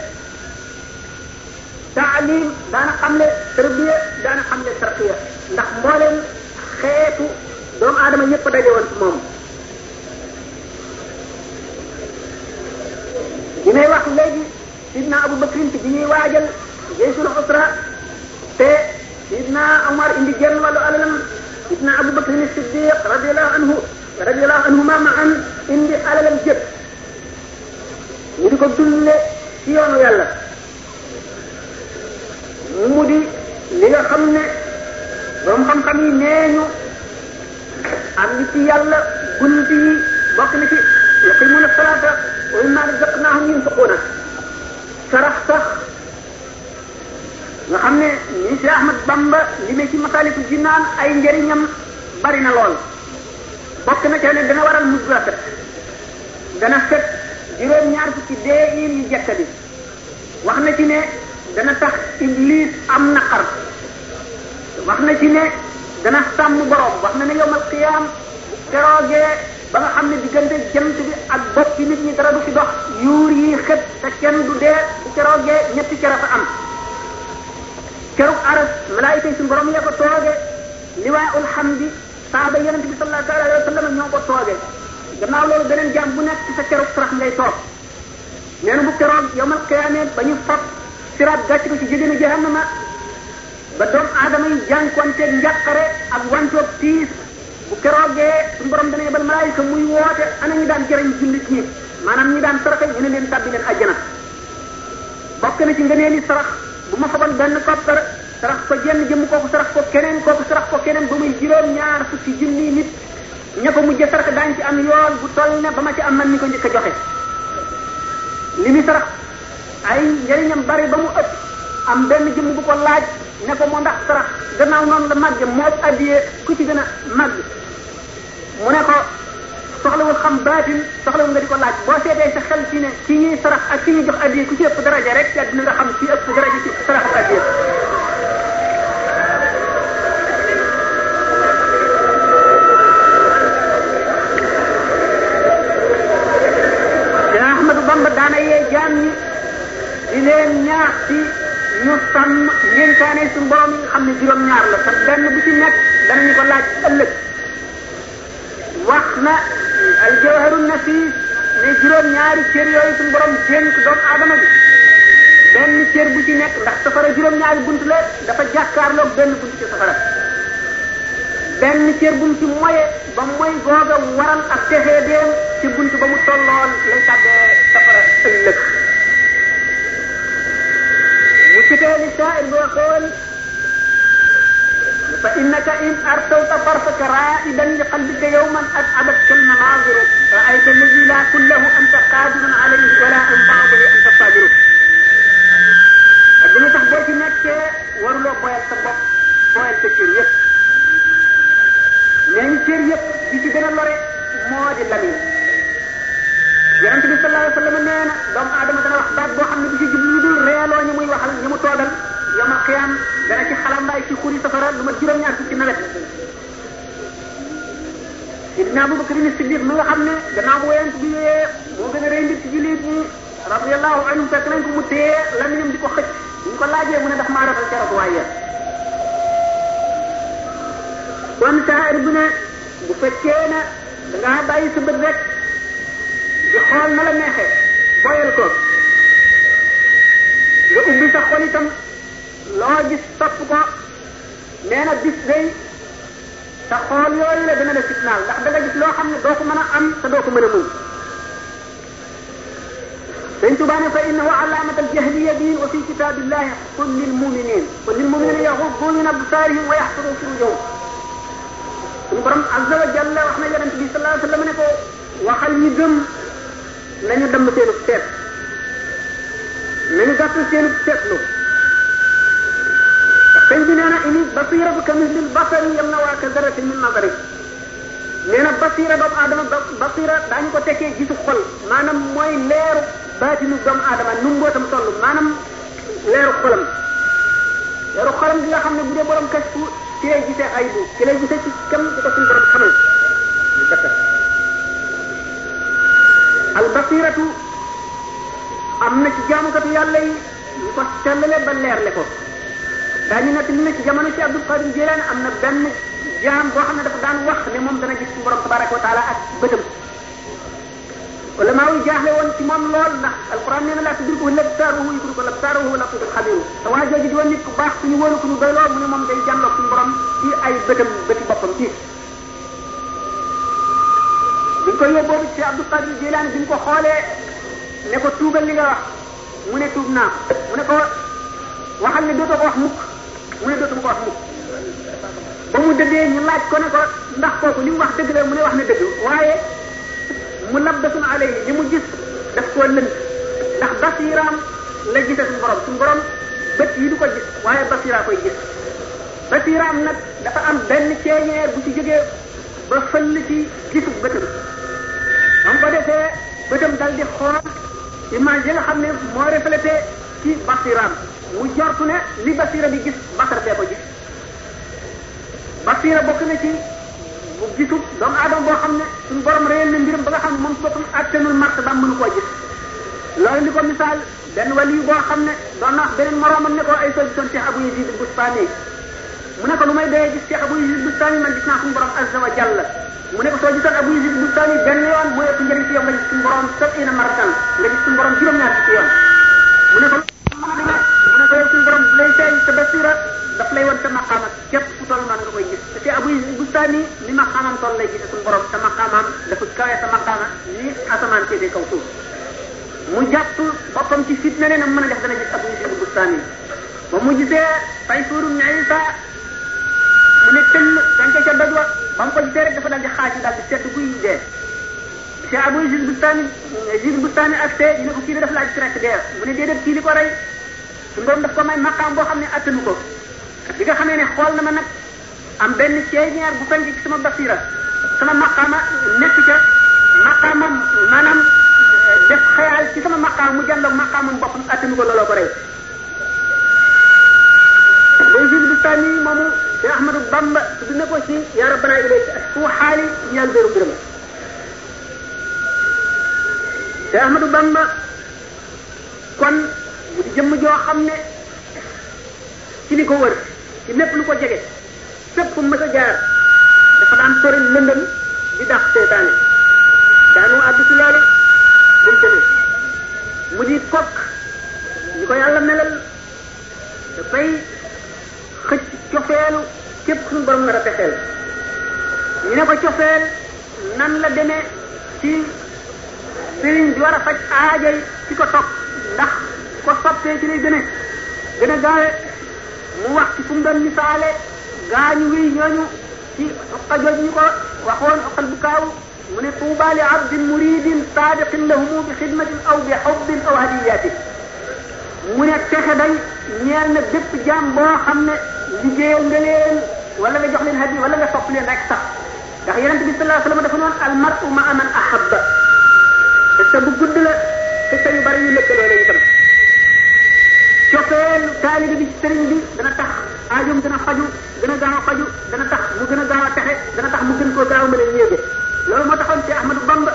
[SPEAKER 1] taalim daana xamle tarbiya daana xamle tarqiya ndax mbooleem xeetu doomu aadama yëpp daje woon moom li wax léegi sidna Abu Bakrin ci bi ñuy waajal te sidna Omar indi genn alalam sidna Abu Bakrin Siddiq radiyallahu anhu radiyallahu anhuma ma an indi alalam jëpp ñu di ko dundale ci yoonu yàlla mu di li nga xam ne borom xam-xam yi nee ñu am ci yàlla bunt yi bokk na ci yuqimuuna salaata wa mimmaa razaqnaahum yunfiquuna sarax sax nga ni Cheikh Ahmad Bamba li ne ci Masaalikul Jinaan ay njëriñam bari na lool bokk na ca ne dana waral mujj rafet dana set juróom ñaar fukki dee in yu jekk bi wax na ci ne dana tax iblis am na wax na ci ne dana sàmm borom wax na ne yowmal qiyaam bu keroogee ba nga xam ne diggante jant bi ak bopp ci nit ñi dara du ci dox yuur yi xët te kenn du dee bu keroogee ñetti cere fa am keroog aras malaayika yi suñu borom yaa ko tooge liwaa'ul hamdi saaba yonent bi sallallahu alayhi wa sallam ñoo ko tooge gannaaw loolu beneen jaam bu nekk ci sa keroog sarax ngay toog nee na bu keroog yawmal qiyaamee ba ñu fab siraat gàcc ko ci jigéenu jahannama ba doomu aadama yi jànkuwanteeg njàqare ak wantoog tiis bu keroogee suñu borom dana yebal malaayika muy woote ana ñu daan jëriñ jullit ñi maanaam ñi daan saraxe ñu ne leen tàbbi leen àjjana bokk na ci ngëneeli sarax bu ma faban benn koppar sarax ko jenn jëmm kooku sarax ko keneen kooku sarax keneen ba muy juróom ñaar ci junni nit ña ko mujj sarax daañu ci am yool bu toll ne ba ma ci am man mi ko njëkk a joxe li mi sarax ay njëriñam bari ba mu ëpp am benn jëmm bu ko laaj ne ko moo ndax sarax gannaaw noonu la mag moo ëpp addiyee ku ci gën a màgg mu ne ko soxlawul xam baatin soxlawul nga di ko laaj boo seetee sa xel ci ne ci ñuy sarax ak ci ñuy jox addiyee ku ci ëpp daraja rek ci àddina nga xam ci ëpp daraja ci saraxu addiyee di leen ñaax ci ñu sàmm ñeenkaane suñu borom yi nga xam ne juróom-ñaar la te benn bu ci nekk danañu ko laaj ëllëg wax na al jawharu nafis ne juróom-ñaari cër yooyu suñu borom jénk doomu aadama bi benn cër bu ci nekk ndax safara juróom-ñaari bunt la dafa jàkkaarloog benn bunt ci safara benn cër bu mu ci googa waral ak texee deem ci bunt ba mu tolloon lay tàbbee safara ëllëg كتاب الشاعر بيقول فإنك إن أرسلت طرفك رائدا لقلبك يوما أتعبتك المناظر رأيت الذي لا كله أنت قادر عليه ولا أن بعضه أنت صادر dina tax boo ci nekkee waruloo boyal sa bopp boyal sa cër yëpp nee ñu cër yëpp bi ci gën a lore moo di lamiñ yonent bi sallallahu alayhi wasallam na doomu aadama dana wax baat boo xam ne du ci jublu lu dul reeloo muy waxal ñu mu toogal yawmal qiyaam dana ci xalambaay ci xuri safara lu ma juróom-ñaar fukki nawet. Sidina Abu Bakr Siddiq mi nga xam ne gannaaw bu yonent bi yee moo gën a rëy ndir ci jullit ñi radiyallahu anhu fekk mu téye lan ñoom di ko xëcc ko laajee mu ne daf maa bu ne bu fekkee ne da sa bët rek. di xool na la neexee boyal ko nga ubbi sa xol itam loo gis topp ko nee na bis day sa xool yooyu la dina la fitnaal ndax da nga gis loo xam ne doo ko mën a am te doo ko mën a muñ dañ Tuubaa ne fa innahu alaamatal jahiliyya wa fi kitaabillahi qul lil muminin qul lil muminin yaxuddu min absaarihim wa yaxsuru furujahum suñu borom azza wa jalla wax na yonent bi sallallahu alayhi wa sallam ne ko waxal ñi gëm nañu damm seenu seet nañu gàttal seenu seetlu sëñ bi nee na ini basira bu kamislil basari yam na waa ka darati min nazari nee na basira doomu aadama basira daañu ko tekkee gisu xol maanaam mooy leeru baatinu doomu aadama nu mbootam toll maanaam leeru xolam leeru xolam gi nga xam ne bu dee borom kas fu ci lay gisee aybu ci lay gisee ci kam di ko suñu borom xamal albasiratu am na ci jaamukatu yàlla yi ñu ko sellale ba leerle ko daañu nekk li ne ci jamono ci Abdul am na benn jaam boo xam ne dafa daan wax ne moom dana gis ci borom tabaraka wa taala ak bëtam ulamaa yi jaaxle woon ci moom lool ndax alquran nee na laa tudrikuhu labsaaruhu yudriku labsaaruhu wa latiful xabiru te waa jooju di woon ku baax ku ñu wóolu ku ñu la mu ne moom day jànloo suñu borom ci ay bëtam ko yóbboo ci Abdou Qadir Jilaani bi ñu ko xoolee ne ko tuubal li nga wax mu ne tuub naa mu ne ko waxal ne dootoo ko wax mukk mu ne dootuma wax mukk ba mu dëggee ñu laaj ko ne ko ndax kooku li mu wax dëgg la ne wax na dëgg waaye mu labbatun alayhi li mu gis daf koo lënt ndax basiiraam la gisee suñu borom suñu borom bët yi du ko gis waaye basiira koy gis basiiraam am benn ceeñeer bu ci jógee ba fëll ci ba mu ko defee bëtam dal di xool image yi nga xam ne moo reflété ci basiram mu jortu ne li basira bi gis basar bee ko gis basira bokk na ci bu gisul doomu aadama boo xam ne suñu borom réyal na mbiram ba nga xam ne moom boppam attanul marte ba mënu koo gis loolu di ko misaal benn waliyu boo xam ne doon na wax beneen moroomam ne ko ay soo gisoon Cheikh Abou Yazid Bustani mu ne ko lu may doyee gis Cheikh Abou Yazid Bustani man gis naa suñu borom azza wa mu ne ko soo gisoon Abu Yazid Bustami benn yoon mu ëpp njëriñ ci yow nga gis suñu borom sab'ina maratan nga ci yoon mu ne ko mu ne ko yow suñu borom bu lay feeñ sa basira daf lay wan sa maqaama képp ku toll noonu nga koy gis te te Abu Yazid Bustami ni maqaamam toll lay gis suñu borom sa maqaamam dafa kawe a maqaama ni asamaan féetee kaw suuf mu jàpp boppam ci fitna ne na mën a def dana gis Abu Yazid Bustami ba mu gisee Tayfurun Isa mu ne tëll dañ ko ca doj ba mu ko gisee rek dafa daal di xaaju daal di sedd buy dee Cheikh Abou Aziz Bustami Aziz Bustami ak ñu ne ko kii bi dafa laaj traité dee mu ne déedéet kii li ko rey su ngoom daf ko may maqaam boo xam ne attanu ko bi nga xamee ne xool na ma nag am benn ceeñeer bu fenk ci sama basira sama maqaama ma ca ma maanaam eh, def xayaal ci sama maqaam mu jàndoog maqaamam boppam attanu ko looloo ko rey Baysil Bustaani moomu Cheikh Ahmadou Bamba tudd na ko ci yaa rabbana ilayka asku xaali ñaan dooru gërëm Cheikh Ahmadou Bamba kon bu di jëmm joo xam ne ci li ko wër ci lépp lu ko jege fépp mës a jaar dafa daan sori lëndëm di dax seetaane daanu àddu ci loolu bu mu demee di kokk ñu ko yàlla melal dafay xëcc cofeelu képp suñu borom nar a texeel ñu ne ko cofeel nan la demee ci sëriñ bi war a faj aajay ci ko topp ndax ko soppee ci lay gën a gën a gaawe mu wax ci fu mu doon misaale gaañu wi ci ko waxoon xoqal bu kaaw mu ne tuuba li abdin muridin saadiqin lahumu bi xidmatin aw bi xubbin aw hadiyatin mu ne texe day ñeel na bépp jaam boo xam ne liggéeyal nga leen wala nga jox leen hadiya wala nga sopp leen rek sax ndax yonent bi sallallahu alayhi wasallam dafa noon al mar'u ma'a man ahabba te sa bu gudd la te sa yu bari yu lëkkaloo la itam cofeelu taalibe bi ci sëriñ bi dana tax aajum gën a faju gën a a dana tax mu gën a gaaw a texe dana tax mu gën koo gaaw a mën a yéege loolu moo taxoon ci Ahmadu Bamba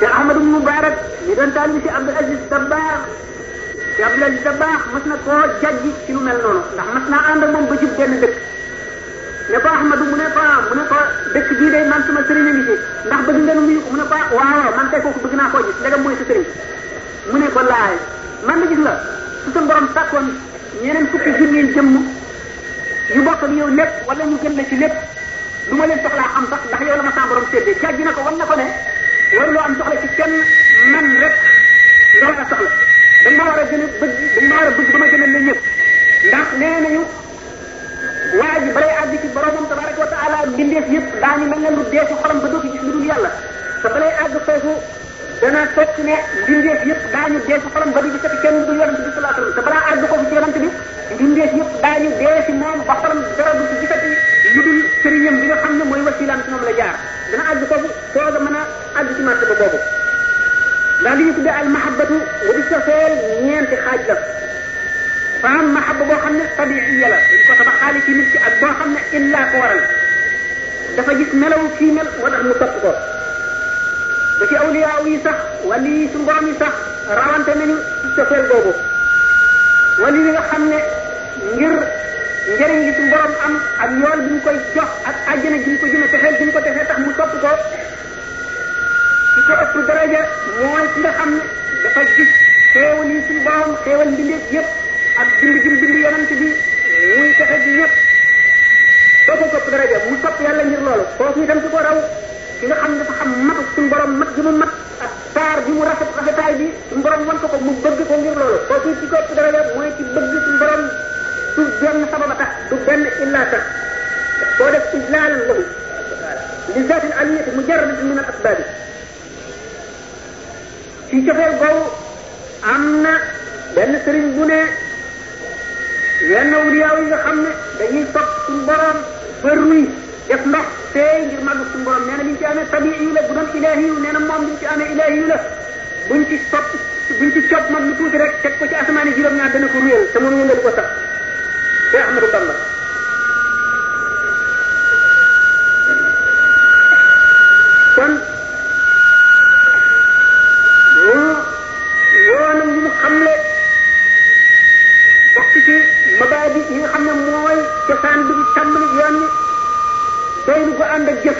[SPEAKER 1] Cheikh Ahmadou Moubarak ñu doon taalibe ci Abdul Aziz Dabakh ci Abdul Aziz Dabakh mas na koo jajji ci lu mel noonu ndax mas naa ànd ak moom ba ci benn dëkk ne ko Ahmadou mu ne ko dëkk bii day man suma sëriñ a ngi ci ndax bëgg nga nuyu mu ne ko waaw man tey kooku bëgg naa koo gis ndegam mooy sa sëriñ mu ne ko laay man la gis la su sa borom tàkkoon ñeneen fukki junni jëmm yu bokk ak yow lépp wala ñu gën la ci lépp lu ma leen soxlaa am sax ndax yow la ma sa borom séddee jajji na ko wan na ko ne waruloo am soxla ci kenn man rek nga war a soxla dañ ma war a gën a bëgg dañ ma war a bëgg ba ma gënal la ñëpp ndax nee nañu waa ji balay àgg ci boromam tabaraka wa taala mbindeef yëpp daañu mel ne lu dee ci xolam ba dootu gis lu dul yàlla te balay àgg foofu dana fekk ne mbindeef yëpp daañu dee ci xolam ba du gisati kenn lu dul yonent bi sallallahu alayhi wasallam te balaa àgg foofu ci yonent bi mbindeef yëpp daañu dee ci moom ba xolam dara du gisati lu dul sëriñam bi nga xam ne mooy wasilaam ci moom la jaar dana àgg foofu soog a mën a àgg ci martaba boobu ndax li ñu tuddee al mahabbatu wa di sofeel ñeenti xaaj la fa am mahabba boo xam ne tabiiya la dañ ko tabaxaale ki ak boo xam ne illaa ko waral dafa gis melaw fii mel moo tax mu topp ko ba ci awliyaaw yi sax wala yi suñu borom yi sax rawante nañu sofeel boobu wala yi nga xam ne njëriñ li suñu borom am ak yoon bi ñu koy jox ak àjjana bi ñu ko gën a texeel bi ñu mu topp ko ci ko ëpp daraja mooy ci nga xam ne dafa gis xéewal yi suñu ak bi bi yépp ko mu mat taar bi mu rafet rafetaay bi suñu mu bëgg ko du benn sababa tax du benn illa tax boo def ijlaalan lahu li zaatil aliyati mujarradatin min al asbaabi ci cofeel boobu am na benn sëriñ bu ne yenn awliyaaw yi nga xam ne dañuy topp suñu borom ba ruy def ndox tey ngir màgg suñu borom nee na bi ñu ci amee tabiiyu la bu doon ilaahiyu nee na moom bi ñu ci ilaahiyu la buñ ci topp buñ ci copp mag lu tuuti rek teg ko ci asamaan yi juróom-ñaar dana ko ruyal te moom yëngal ko Cheikh Ahmadou Bamba kon mu yoonam li mu xamle bokk ci mabaadi yi nga xam ne mooy cosaan bi ñu tàmbali yoon wi doylu ko ànd ak jëf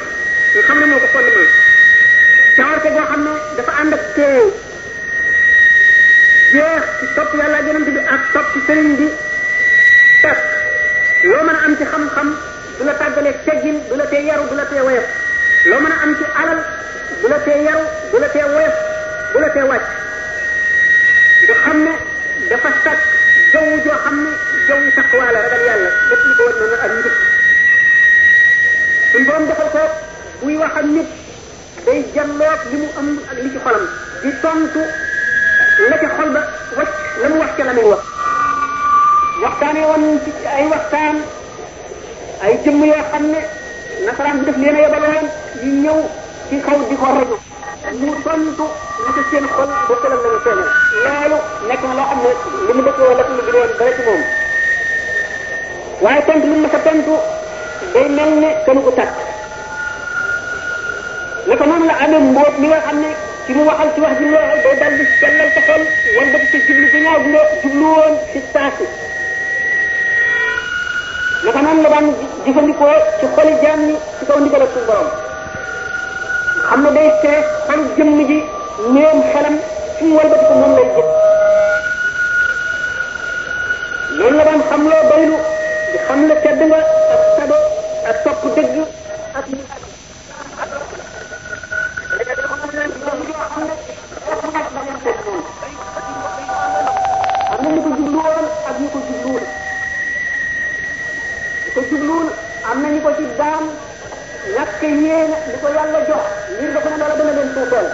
[SPEAKER 1] nga xam ne moo ko fondement cawarte goo xam ne dafa ànd ak teew jeex ci topp yàlla yonent bi ak topp sëriñ bi loo mën a am ci xam-xam du la tàggaleeg teggin du la tee yaru du la tee woyof loo a am ci alal du la tee yaru du la tee woyof du la tee wàcc nga xam ne dafa joo xam ne jaww taqwa la ragal yàlla lépp lu ko war noonu ak njub suñ borom defal ko buy nit day jalloog li mu am ak li ci xolam di tontu la ca xol ba la mu wax ca la waxtaanee woon ci ay waxtaan ay jëmm yoo xam ne nasaraan bi def leen a yebaloon ñu ñëw ci kaw di ko rajo mu tontu lu ko seen xol ba këlam lañu seen loolu nekk na loo xam ne li mu dëkkoo lépp lu gënoon dara ci moom waaye tontu li mu ko tontu day mel ne kenn ku tàkk ne ko noonu la amee mbóot mi nga xam ne ci mu waxal ci wax ji lool day dal di sellal sa xel wala ci jublu bi nga jublu woon ci saasi naka noonu la daan jëfandikoo ci xoli jaam ñi ci kaw xam ne day seet xol jëmm ji néewam xelam fi mu walbati ko moom lay jëm loolu la daan xam loo baylu xam la tedd ak sado ak topp dëgg ko ci daan ñàkk yéene li ko yàlla jox ngir dafa ne loola dana leen tuutool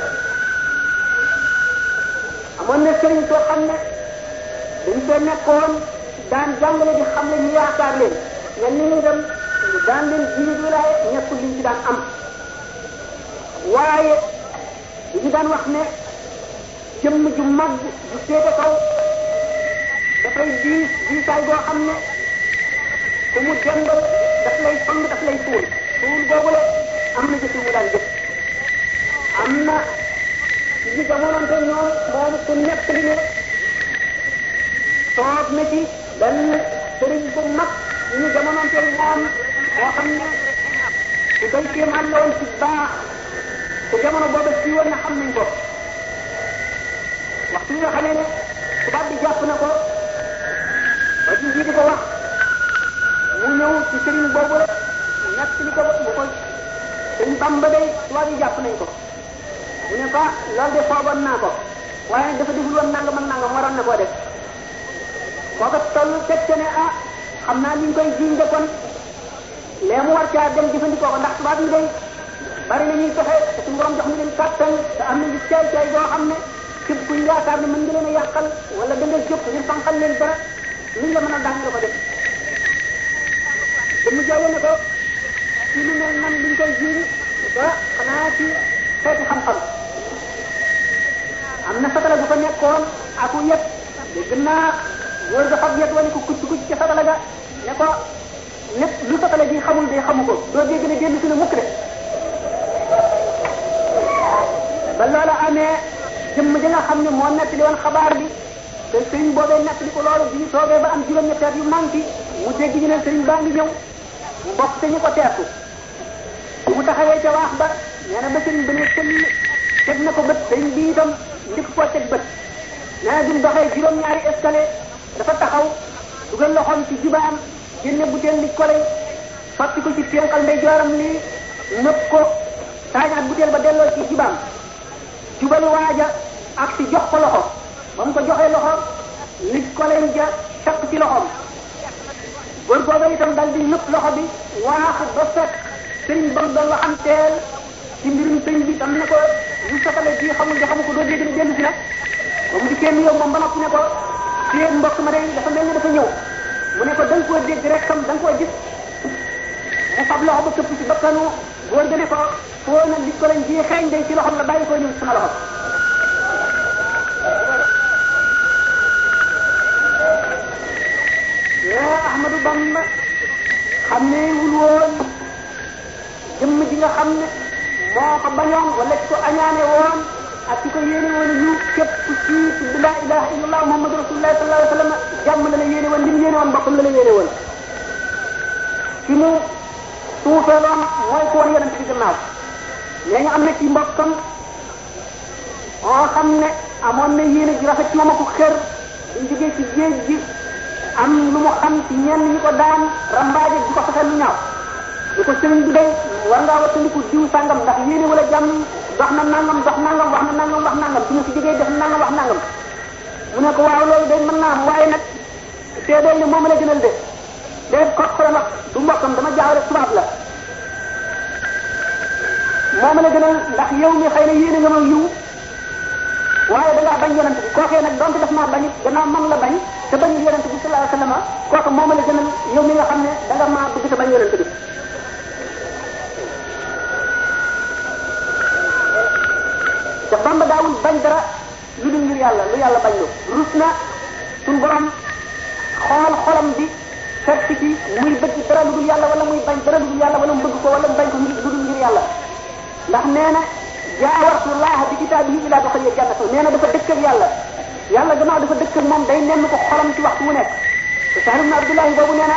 [SPEAKER 1] amoon na sëriñ soo xam ne dañ fee nekkoon daan jàngale di xam ne ñu yaakaar leen ñen ni ñu dem daan leen jiit wilaaye ñekkul liñ ci daan am waaye dañu daan wax ne jëmm ju mag ju féete kaw dafay diis diisaay boo xam ne te mu démb daf lay sang daf lay suul suul boobu am na jëf yu mu am na ñi jamonante ñoom moom ku nekk ne toog na ci benn sëriñ bu mag ñu jamonante ne ku bay kéemaan la woon ci baax ku jamono boobu waxtu yi nga xamee ne tubaab bi na ko ba ci di ko wax ci sëriñ boobu la nekk li ko mu ko sëriñ Bamba day tubaab yi jàpp nañ ko mu ne ko de foogoon naa ko waaye nag dafa deful woon nangam ak nangam waroon na koo def kooka toll fekk ne ah xam naa ni ñu koy jiñ de kon lee war caa dem jëfandikoo ko ndax tubaab yi day bari na ñuy pexe te suñu borom jox na leen kàttan te am na ñu caay caay boo xam ne képp ku ñu yaakaar ne mën nga leen a yàqal wala da nga jóg ñu fanqal leen dara luñ la mën a daan nga ko mu jaww ne ko ci lu mel nan luñ koy xeeti xam-xam am na satala ko nekkoon aku yet dégg naa wóor ga fab yet wala ko kucc kucc ca satala ne ko lépp lu satala ji xamul day xamu ko doo dégg ne na mukk de xam ne moo nekk li xabaar bi te sëriñ boobee nekk di ko loolu bi ñu soobee ba am juróom-ñetti at yu manqué mu dégg ñu ne sëriñ baa mu bokk te ñu ko teertu bu mu taxawee ca waax ba nee na bëccëg ba ne ko bët dañ bi itam ndikk koo teg bët nee na duñ doxee juróom-ñaari dafa taxaw dugal loxoom ci jibaam génne butéel li kole fàtti ko ci tenqal ndey jooram li nëpp ko taañaat butéel ba delloo ci jibaam jubal waaja ak si jox ko loxo ba mu ko joxee loxo li koleen ja takk ci loxoom góor googa itam dal di ñëpp loxo bi waax ba fekk sëriñ ba mu doon waxanteel ci bi tam ko lu soxale fii xamul xamu ko di dellu si nag ba mu dikkee nuyoo moom ba noppi ne ko seen mbokk ne ko da nga koo dégg rek xam da nga koo gis mu fab loxo bakkanu góor ga ne ko foo na ko lañ ji xeeñ day ci loxom la bàyyi koo ñëw sama loxo nee Ahmadou Bamba xam ne wul woon jëmm ji xam ne moo ko bañoon wala ci ko añaane woon ak ci ko yéene woon yu képp ci tudd laa ilaha illallah muhammadu rasulullah sallallahu alayhi wa sallam woon li mu woon boppam la la yéene woon ci mu suufeeloon mooy ko woon yonent ci gannaaw nee ñu am na ci mbokkam moo xam ne amoon na yéene ji rafet ci moom ak xër duñ jógee ci géej gi am lu mu xam ci ñenn ñi ko daan rambaaje di ko xasal lu ñaaw di ko sëriñ bi day war ngaa wattandiku diw sàngam ndax yéene wala jàmm dox na nangam dox nangam wax nangam wax nangam su si jógee def nangam wax nangam mu ne ko waaw loolu day mën naa nag tee day ne moom la gënal de déet ko ko wax du mbokkam dama jaawale tubaab la moom la gënal nga ma yiw waaye da ngaa bañ yonent bi kookee nag donte daf maa bañ gannaaw man la bañ te bañul yonent bi bi te Bamba daawul bañ dara lu dul ngir yàlla lu yàlla bañ lu rus na suñ borom xool xolam bi fekk ci muy bëgg dara lu dul yàlla wala muy bañ dara lu dul yàlla wala mu bëgg ko wala mu bañ ko lu dul ngir yàlla ndax nee na jaawartu laaha bi kitaabihi ilaa doxaliya jannata nee na dafa dëkk ak yàlla yàlla gannaaw dafa dëkk ak moom day nemm ko xolam ci waxtu mu nekk te Sahl ibn Abdullahi boobu nee na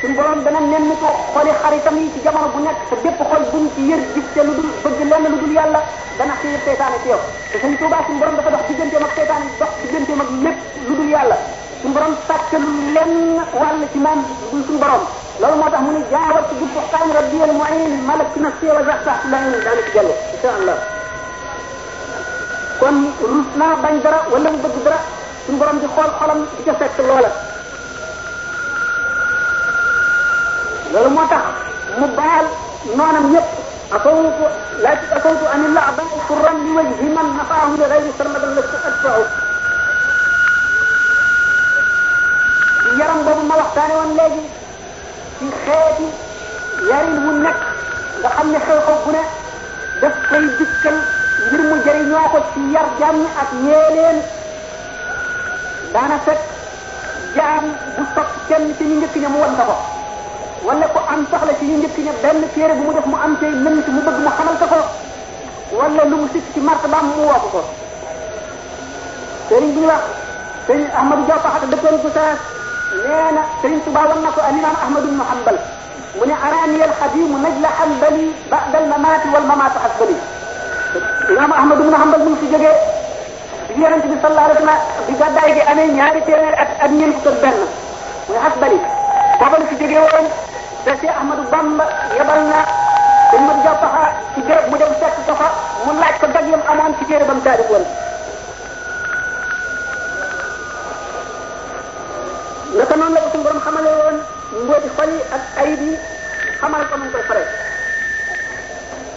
[SPEAKER 1] suñu borom dana nemm ko xoli xaritam yi ci jamono bu nekk te bépp xol buñ ci yër gis te lu dul bëgg lenn lu dul yàlla dana xiir seytaane ci yow te Sëriñ Tuubaa suñu borom dafa dox digganteem ak seytaane dox digganteem ak lépp lu dul yàlla suñu borom sàkkalu lenn wàll ci moom bu suñu borom loolu moo tax mu ne jaawat bi buxtaan rabbiyal muin malak nafsi wa zaxsax lain daana ci jàll incha allah kon rus naa bañ dara wala mu bëgg di xool xolam di ca fekk loola loolu moo tax mu baal noonam yépp asawtu laa asawtu an illa abaa furran li wajhi man nafaahu li ghayri sarmadan lastu adfa'u yaram boobu ma waxtaane woon léegi ci xeeti yarin wu nekk nga xam ne xew xew bu ne daf ngir mu jëriñoo ko ci yar jaam ñi ak yee leen daana fekk jaam bu topp kenn ci ñu ña mu wan ko wala ku am soxla ci ñu njëkk ña benn téere bu mu def mu am tey lënt mu bëgg mu xamal ko ko wala lu mu sikk ci martabaam mu woo ko sëriñ bi ñu wax sëriñ Ahmadou Diaw Paxate dëkkoon bu saas nee na sëriñ Tuubaa wan na ko al imam Ahmadu ibnu mu ne araani al xadimu najla hanbali ba'da al mamaati wal mamaatu hasbali imam ahmad ibn hanbal mu ngi si jógee bi yonente bi sallallahu alayhi wa sallam gi amee ñaari téeméer ak ak ñeent fukk ak benn muy xasbali booba la si jógee woon te si ahmadu bamba yebal na dañ ma jàppaxa ci béréb mu dem fekk mu laaj ko daj yam amoon ci téere la ko suñu borom xamale woon mbooti xol yi ak ayib yi xamal ko mu koy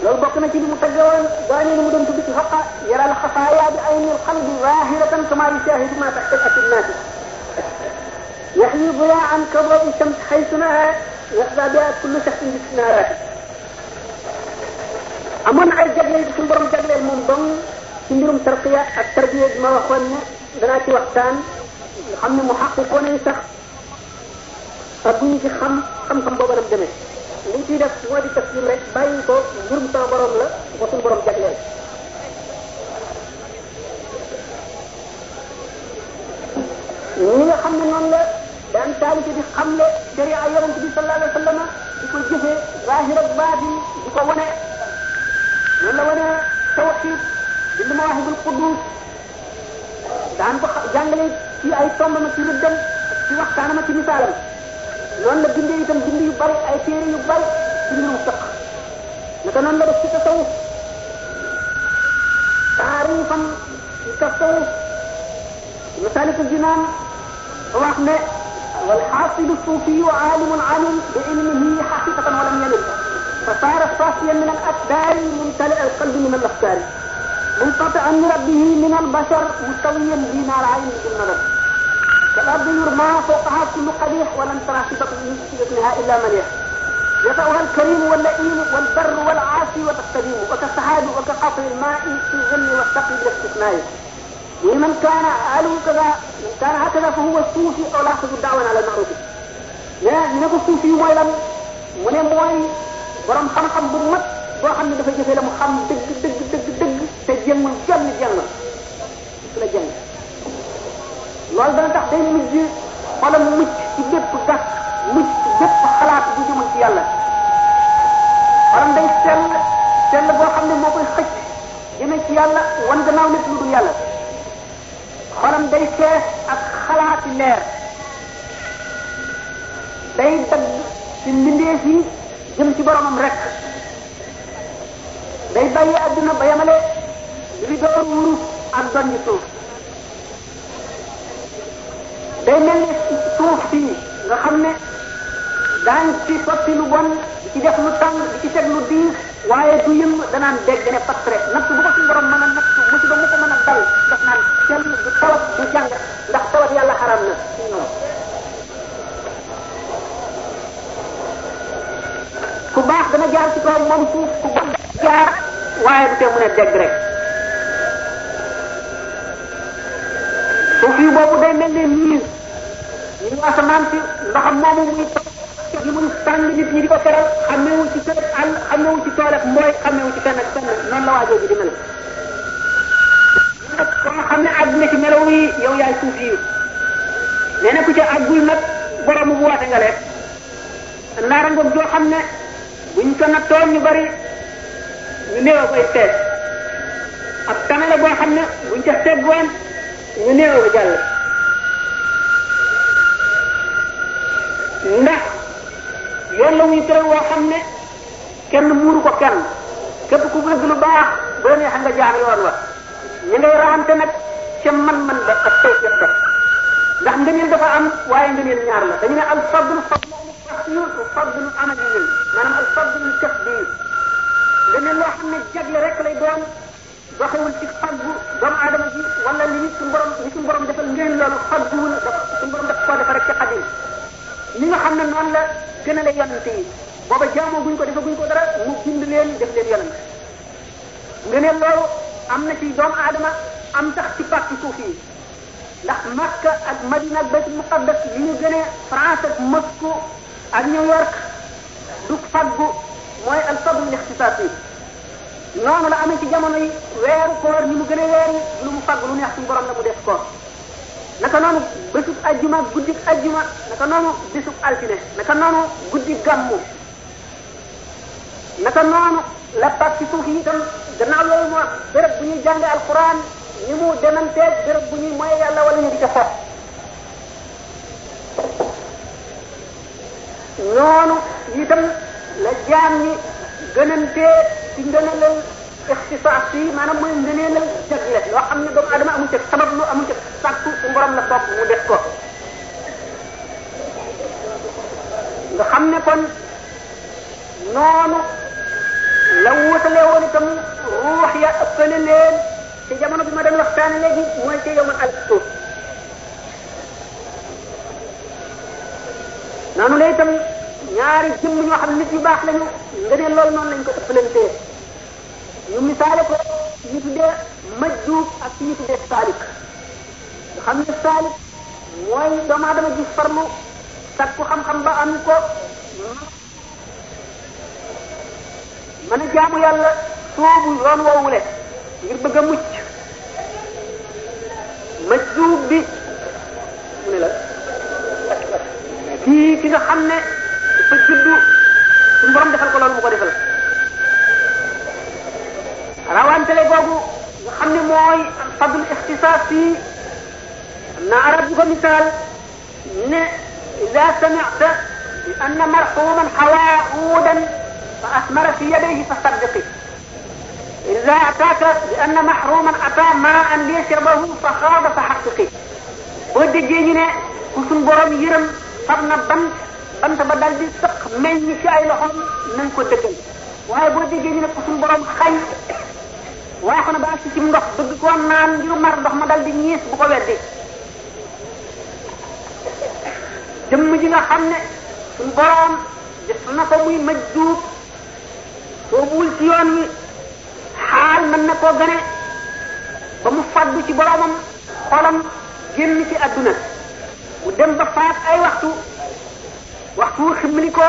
[SPEAKER 1] loolu bokk na ci li mu taggewoon gaa ñi ni mu doon tudd ci xaqa yaral xafaaya bi aynil qalbi zahiratan kama yushahidu ma tahta a naasi yaxyi diyaan ka dawi shams xaytuna yaxda biha kullu shaxsin bi sinaaraati amoon na ay jagleel bi suñu borom jagleel moom dong ci mbirum tarqiya ak tarbiya bi ma waxoon ne danaa ci waxtaan nga xam bu ñu boobu la mu demee li ñu ciy def moo di tafsir rek bàyyi ko mbirum sama borom la ko suñu borom jagleel. ñi nga xam ne noonu la daan taalibe di xamle sharia yonent bi sallallahu alayhi wa sallam di ko jëfee zahir ak baatin di ko wane noonu la wane tawxiid di mawaahibul quddus daan ko jàngale ci ay tombam ci rëddam ci waxtaanam ci misaalam. noonu la bindee itam bind yu bari ay téere yu bari ci mbirum fiq naka noonu la def ci tasawuf taarifam tasawuf masaliku jinaan wax ne والحاصل الصوفي عالم علم بعلمه حقيقة ولم يلد فصار صافيا من الأكبار ممتلئ القلب من الأفكار منقطعا من ربه من البشر مستويا بما العين بالنظر كالأرض يرمى فوقها كل قبيح ولم ترى شفقة من شفتها إلا مليح يطأها الكريم واللئيم والبر والعاصي وتستديم وكالسحاب وكقطر الماء في الغل والسقي بالاستثناء لمن كان أهله كذا من كان هكذا فهو الصوفي أو لا يأخذ الدعوة على المعروف mais ñu ne ko suuf yi mooy lan mu ne mooy borom xam-xam bu mat boo xam ne dafa jëfee la mu xam dëgg dëgg dëgg dëgg te jëmmul jenn jenn su la jëng loolu dana tax day mujj xolam mucc ci bépp gàkk mucc ci bépp xalaat bu jëmul ci yàlla xolam day sell sell boo xam ne moo koy xëcc jëmee ci yàlla wan gannaaw lépp lu dul yàlla xolam day fees ak xalaati leer day dagg ci mbindeef yi jëm ci boromam rek day bàyyi adduna ba yemale li doon wurus ak doon ci suuf day mel ne suuf fii nga xam ne daañ ci lu bon di ci def lu tàng di ci teg waaye du yëngu danaan dégg ne fas rek natt bu ko suñu borom mën a natt musiba mu ko mën a dal def naan kenn du tawat du jàng ndax tawat yàlla xaram na ku baax dana jaar ci kaw waaye du tee mën a dégg rek suuf yu boobu day mel ne miir ñu asamaan si ndoxam moomu muy li muy sàng nit ñi di ko feral xamewul ci kër àll xamewul ci tool ak mbooy xamewul ci fenn ak fenn noonu la waajoo bi di nag
[SPEAKER 2] ko nga xam ne àdduna ci melaw
[SPEAKER 1] yi yow yaay suuf yi nee na ku ci àggul nag boromu bu woote nga leeg ndaara xam ne buñ ko nattoon ñu bari ñu néew koy seet ab tane la xam ne buñ ca seet woon ñu néew ko jàll ndax yoon la muy tëral woo xam ne kenn muuru ko kenn képp ku bëgg lu baax boo neexee nga jaar yoon wa ñu ngay raxante nag ca man-man ba ak tey jot ba ndax dafa am waaye ngëneel ñaar la dañu ne al fadlu fadlu fadlu fadlu amali ñun maanaam al fadlu kaf bii ngëneel loo xam ne jagle rek lay doon doxewul ci faggu doomu aadama ji wala li nit suñu borom li suñu borom defal ngeen loolu fagguwul dafa suñu borom daf koo defa rek ci xadim li nga xam ne noonu la gën a la yonante yi booba jaamoo guñ ko defe guñ ko dara mu bind leen def leen yonante nga ne loolu am na ci doomu aadama am tax ci pàcc suuf yi ndax Makka ak Madina ak Baytul Muqaddas yi ñu gënee France ak Moscou ak New York du faggu mooy al fadl ixtisaas yi noonu la amee ci jamono yi weeru koor ni mu gën a weer yi lu mu fagg lu neex suñu borom la mu def koor naka noonu bësub ajjuma guddi ajjuma naka noonu bisub altine naka noonu guddi gàmmu naka noonu la pàcc suuf yi itam gannaaw loolu moo béréb bu ñuy jànge alquran ni mu demanteeg béréb bu ñuy moye yàlla wala ñu di ca xot noonu itam la jaam ñi gënantee ci ixtisaas yi maanaam mooy ngëneelal jagle loo xam ne doomu adama amu ca sabab lu amu ca sàkku su la topp mu def ko nga xam ne kon noonu la wutale woon itam ruux ya ëppale leen ci jamono bi ma la itam ñaari jëmm ñoo xam ne nit yu baax lañu ngëneel loolu ñu misaale ko ñu tuddee majjuub ak ñu tuddee saalik nga xam ne saalik mooy doomu aadama ji farlu sakku xam-xam ba am ko mën a jaamu yàlla soobu yoon woowule ngir bëgg a mucc bi mu ki nga xam ne dafa juddu suñu borom defal ko loolu mu ko defal rawantele googu nga xam ne mooy fadl ixtisaas fii am na arab yu ko misaal ne ida samicta bi anna marxuman xawaa uudan fa asmara fi yadayhi fa saddiqi ida ataaka bi anna mahruman ata maan liyashrabahu fa xaada fa xaqiqi boo déggee ñu ne ku suñ borom yërëm far na bant bant ba dal di sëq meññ ci ay loxoom nañ ko dëggal waaye boo déggee ñu ne ku suñ borom xañ waaxu na ba agsi ci ndox bëgg koo naan ngir mar ndox ma dal di ñiis bu ko weddi jëmm ji xam ne suñ boroom def na ko muy maj duub soobuwul ci wi xaal mën na koo gane ba mu faddu ci boroomam xolam génn ci adduna mu dem ba faat ay waxtu waxtu wu ximli ko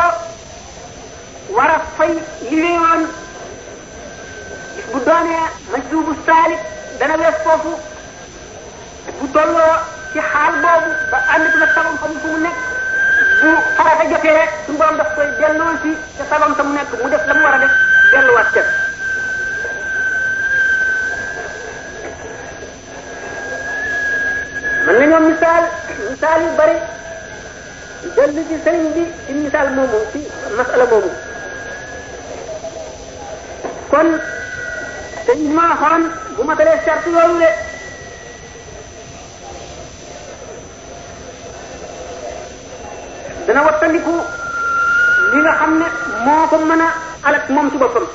[SPEAKER 1] war fay li bu doonee majdubu saalib dana wees foofu bu tolloo ci xaal boobu ba ànd ci nag sabam fa mu fu mu nekk bu farata jotee suñu borom daf koy delloo si te sabam fa mu nekk mu def la mu war a def delluwaat ca mën nañoo misaal misaal yu bari dellu ci sëriñ bi ci misaal moomu masala moomu kon te ñu mën a xorom bu ma dalee sart loolu de dana wattandiku li nga xam ne moo ko mën a alak moom ci boppam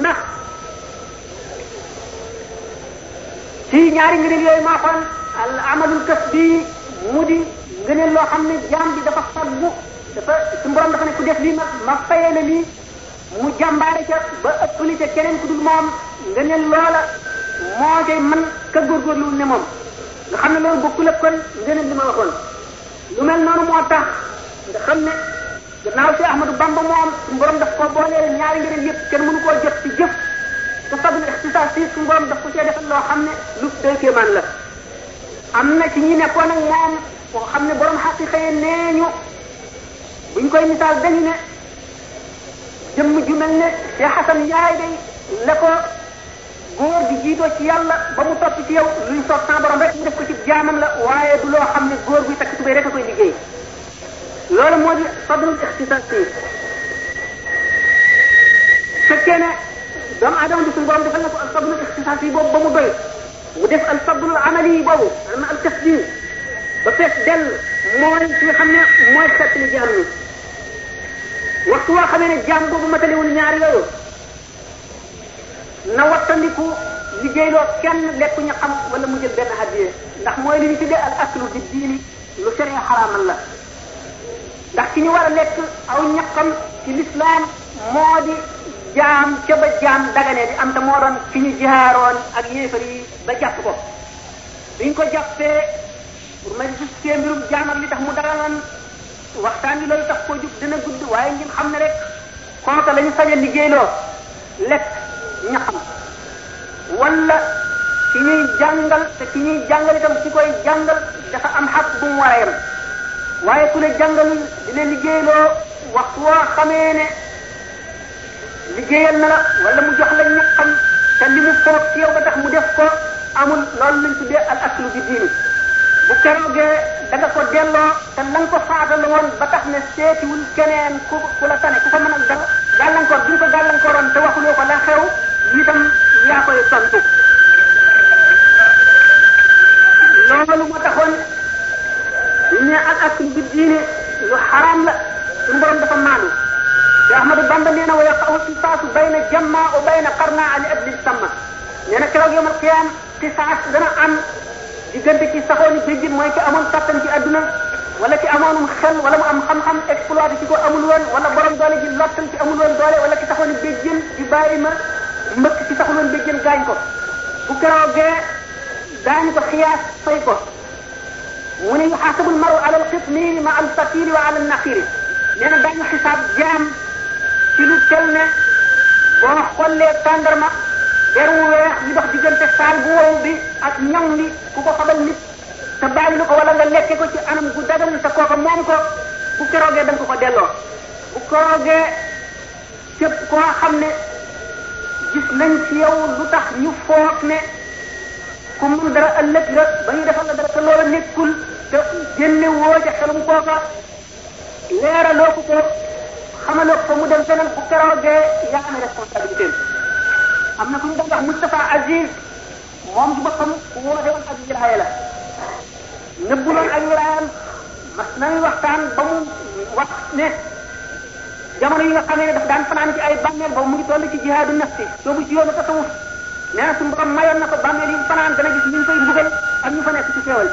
[SPEAKER 1] ndax ci ñaari ngëneel yooyu maa xoon al amalul kas bi mu di ngëneel loo xam ne jaam bi dafa faggu dafa su dafa ne ku def lii ma ma fayee la lii mu jàmbaare ca ba ëppali ca keneen ku dul moom nga ne loola moo cay man ka góorgóorluwul ne moom nga xam ne loolu bokkul ak kon nga ne li ma waxoon lu mel noonu moo tax nga xam ne gannaaw si Ahmadou Bamba moom suñu borom daf ko booleel ñaari njëriñ yëpp kenn mënu koo jot ci jëf te fagul ixtisaas si suñu borom daf ko cee defal loo xam ne lu doy kéemaan la am na ci ñi nekkoon ak moom koo xam ne borom xaqiqa yi nee ñu buñ koy misaal dañu ne jëmm ju mel ne Cheikh Xasan Njaay la ko góor di jiitoo ci yàlla ba mu topp ci yow luy soob sa borom def ko ci jaamam la waaye du loo xam góor buy takk tubéy rek a koy liggéey loolu moo di al fadlul ixtisaas ba mu doy mu def al amali yi boobu am na al tasdiin ba fees dell mooy ci nga xam ne mooy xettali waxtu waa xamee ne jaam boobu matalewul ñaar yooyu na wattandiku liggéeyloo kenn lekku ñu xam wala mu jël benn addiye ndax mooy li ñu tuddee al aklu di diini lu sariya xaraamal la ndax ci ñu war lekk aw ñaqam ki lislaam moo di jaam ca ba jaam dagane di am te moo doon ci ñu jaaroon ak yéefar yi ba jàpp ko biñ ko jàppee pour ma gis seen jaam ak li tax mu dagaloon waxtaan wi loolu tax koo jub dina gudd waaye ngeen xam ne rek kooka la ñu sañ a liggéeyloo lekk ñaxam wala ki ñuy jàngal te ki ñuy jàngal itam ki koy jàngal dafa am xaq bu mu war a yem waaye ku ne jàngalul dina liggéeyloo waxtu woo xamee ne liggéeyal na la wala mu jox la ñaxam te li mu foog ci yow ba tax mu def ko amul loolu lañ tuddee al aslu bi diini bu keroogee da nga ko delloo ba tax ne seetiwul keneen ku ku la tane ku ko mën a dara gàllankoor bi nga ko gàllankooroon te waxuloo ko la xew itam yaa koy tontu moo taxoon ñu ak ak bi diine lu xaraam la suñu borom dafa maanu te Ahmadu Bamba nee na wa yaqa'u qisaasu bayna jamma wa bayna qarna li ajli samma nee na keroog yawmal qiyaam qisaas dana am diggante ci saxoon jéggin mooy ci amoon kattan ci adduna wala ci amoonum xel wala mu am xam-xam exploité ko amul woon wala borom doole ji lottal ci doole wala ci saxoon jéggin di ma mbëkk ci saxul woon jéggin gaañ ko bu keroogee daañu ko xiyaas fay maru alal xitmiiri ma al fatiri wa alal naqiiri nee na daañu jaam ci lu tel ne boo xollee tàndarma der wu weex yi dox diggante saar gu wow bi ak ñam li ku ko xabal nit te lu ko wala nga lekke ko ci anam gu dagal te kooka moom ko bu keroogee da ko ko delloo bu keroogee képp koo xam ne gis nañ ci yow lu tax ñu foog ne ku mun dara ëllëg nga ba ñu defal la dara te loola nekkul te génne woo ca xelum kooka leeraloo ko ko xamaloo ko fa mu dem feneen keroogee yaa amee responsabilité am na ku ñu doon wax Moustapha Aziz moom ci boppam ku woote woon ak wilaaya la nëbbuloon ak mas nañ waxtaan ba mu wax ne jamono yi nga xamee ne daf daan fanaan mu ngi toll ci jihaadu nafsi soobu ci yoonu tasawuf na suñu borom yi mu fanaan dana gis ñu koy mbugal ak ñu fa nekk ci xéewal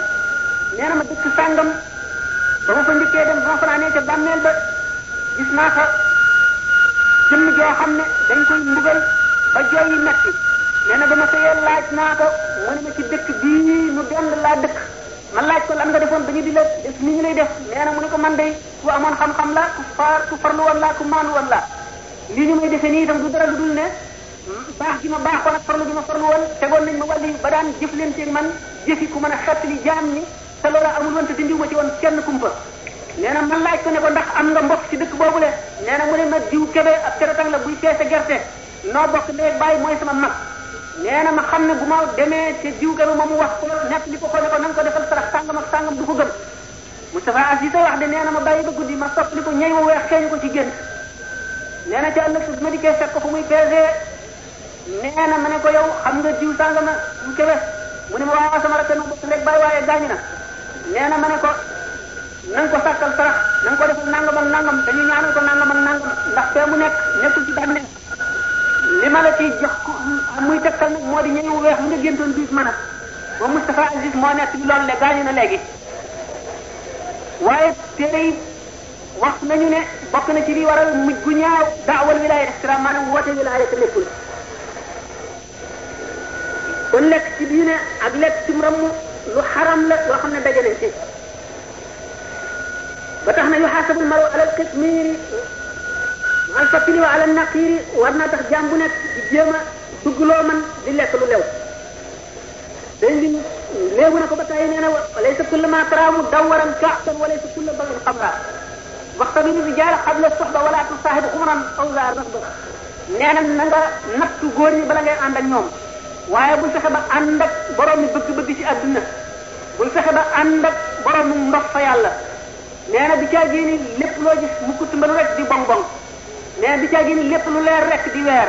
[SPEAKER 1] ma dëkk sàngam ba ma fa njëkkee dem ba ma fanaanee ca bàmmeel ba gis naa fa jëmm joo xam ne dañ koy mbugal ba jooy yi metti nee na ba ma sëyee laaj naa ko mu ma ci dëkk bii mu dend laa dëkk ma laaj ko lan nga defoon ba ñu di la def ni lay def nee na ko man de ku amoon xam-xam la ku far ku farlu la ku maanu woon la lii ñu may defee nii itam du dara lu dul ne baax gi ma baaxoon ak farlu gi ma farlu woon tegoon nañ ma wàllu ba daan jëflanteeg man jëfi ku mën a xettali jaam ñi te loola amul woon te dindiw ma ci woon kenn kumpa nee na man laaj ko ne ko am nga mbokk ci dëkk boobule nee na mu ne ma diw kebe ak keroog la buy gerte. noo bokk ndey bàyyi mooy sama mag nee na ma xam ne bu ma demee te diw gënu ma mu wax ko nekk li ko ko ne ko na nga ko defal sarax sàngam ak sàngam du ko gëm Moustapha Assis say ma bàyyi ba guddi ma soppali ko ñëy ma weex xeeñ ko ci gént nee na ci ëllëg su ma dikkee fekk ko ko yow xam nga diw sàngam mu kebe mu ne ma waaw sama rakk noo bokk waaye gaañu na nee ko na ko sàkkal sarax na ko defal nangam ak nangam dañu ñaanal ko nangam ak nangam ndax nekk li ma la ciy jox muy tegtal nag moo di ñëw weex mu nga géntoon biis mën a Aziz moo nekk ci loolu le gaañu na léegi waaye téere yi wax nañu ne bokk na ci li waral mujj gu ñaaw daawal wilaaya ma maanaam woote wilaaya te lekkul kon lekk ci diine ak lekk ci mram lu xaram la loo xam ne daje nañ ba tax na yu xaasabul maru alal kasmiiri al fatili wa ala naqiiri war naa tax jaam bu nekk di jéem a dugg loo man di lekk lu lew dañ di léegu na ko ba tey nee na walaysa kulla ma taraamu dawwaran kaasan walaysa kulla bagin xamra waxtabir rijaala qabla soxba wala tusaahibu xumran aw zaa raxba nee na na nga nattu góor ñi bala ngay ànd ak ñoom waaye bul fexe ba ànd ak borom mi bëgg-bëgg ci àdduna bul fexe ba ànd ak borom mu ndox fa yàlla nee na bi caa génni lépp loo gis mu kutumbalu rek di bong bong neen di caa génn lépp lu leer rek di weer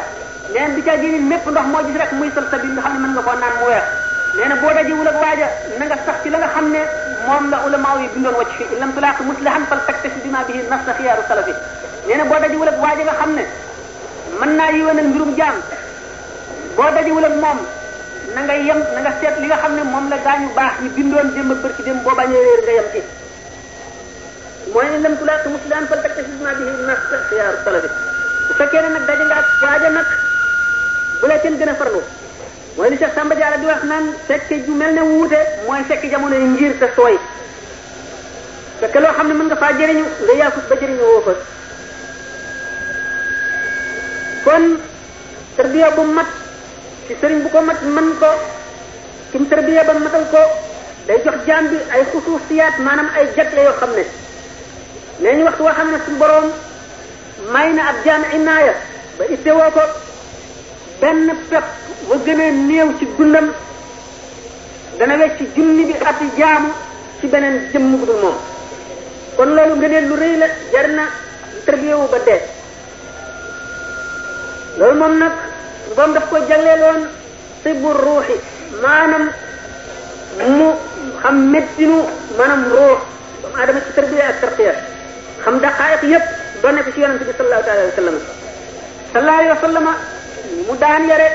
[SPEAKER 1] neen di caa génn mépp ndox moo gis rek muy sal sa bi nga xam ne koo naan mu weex nee na boo dajewul ak waaja na nga sax ci la nga xam ne moom la ulama yi bindoon wacc la lam tulaaq muslihan fal taktasi bima bihi nas na xiyaaru salafi nee na boo dajewul ak waaja nga xam ne man naa yiwénal mbirum jaam boo dajewul ak moom na nga yem na nga seet li nga xam ne moom la gaañu baax yi bindoon démb bërki démb boo bañee réer nga waaye lam tulaaqi musliman faltaktashif ma bihi nas xiyaaru talabi bu fekkee ne nag daje nga ak waaja nag bu la teen gën a farlu mooy li Cheikh Samba Diallo di wax naan fekk ju mel ne wuute mooy fekk jamono yi ngir te sooy fekk loo xam ne mën nga faa jëriñu nga yaafus ba jëriñu woo fa kon tarbiya bu mat ci sëriñ bu ko mat mën ko kim tarbiya ba matal ko day jox jaam bi ay xusuusiyaat maanaam ay jagle yoo xam ne léegi waxtu woo xam ne suñu boroom may na ab ba ittewoo ko benn pepp ba gën ci dundam dana wecc junni bi ati ci beneen jëmm bu moom kon loolu ngëneel lu rëy la jar na tërbiyewu ba dee loolu moom nag boom daf ko jagleeloon tibu ruuxi maanaam mu xam méttinu maanaam ruux doomu aadama ci tërbiye xam daqaayiq yëpp doon na ko ci yonent bi sallallahu alayhi wa sallam sallallahu alayhi wa sallam mu daan yare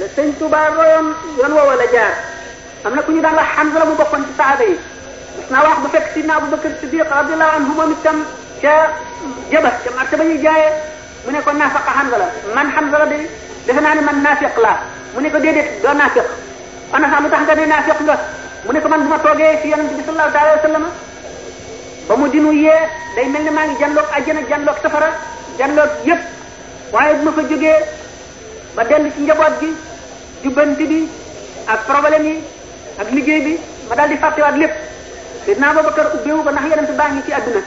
[SPEAKER 1] la sëñ Touba royoon yoon woowa la jaar am na ku ñu daan wax Hamza la mu bokkoon ci saaba yi gis naa wax bu fekk sidna Abu Bakr Siddiq radiyallahu anhu moom itam ca jaba ca marché ba ñuy jaayee mu ne ko naafaqa Hamza la man Hamza la de defe naa ne man naafiq laa mu ne ko déedéet doo naafiq ana sax lu tax nga ne naafiq nga mu ne ko man bu ma toogee ci yonent bi sallallahu alayhi wa sallam ba mu dinu yee day mel ne maa ngi janloog àjjana janloog safara janloog yépp waaye bu ma fa jógee ba dellu ci njaboot gi jubbanti bi ak problème yi ak liggéey bi ma daal di fàttewaat lépp Seydina Abubakar ubbeewu ba ndax yonent baa ngi ci àdduna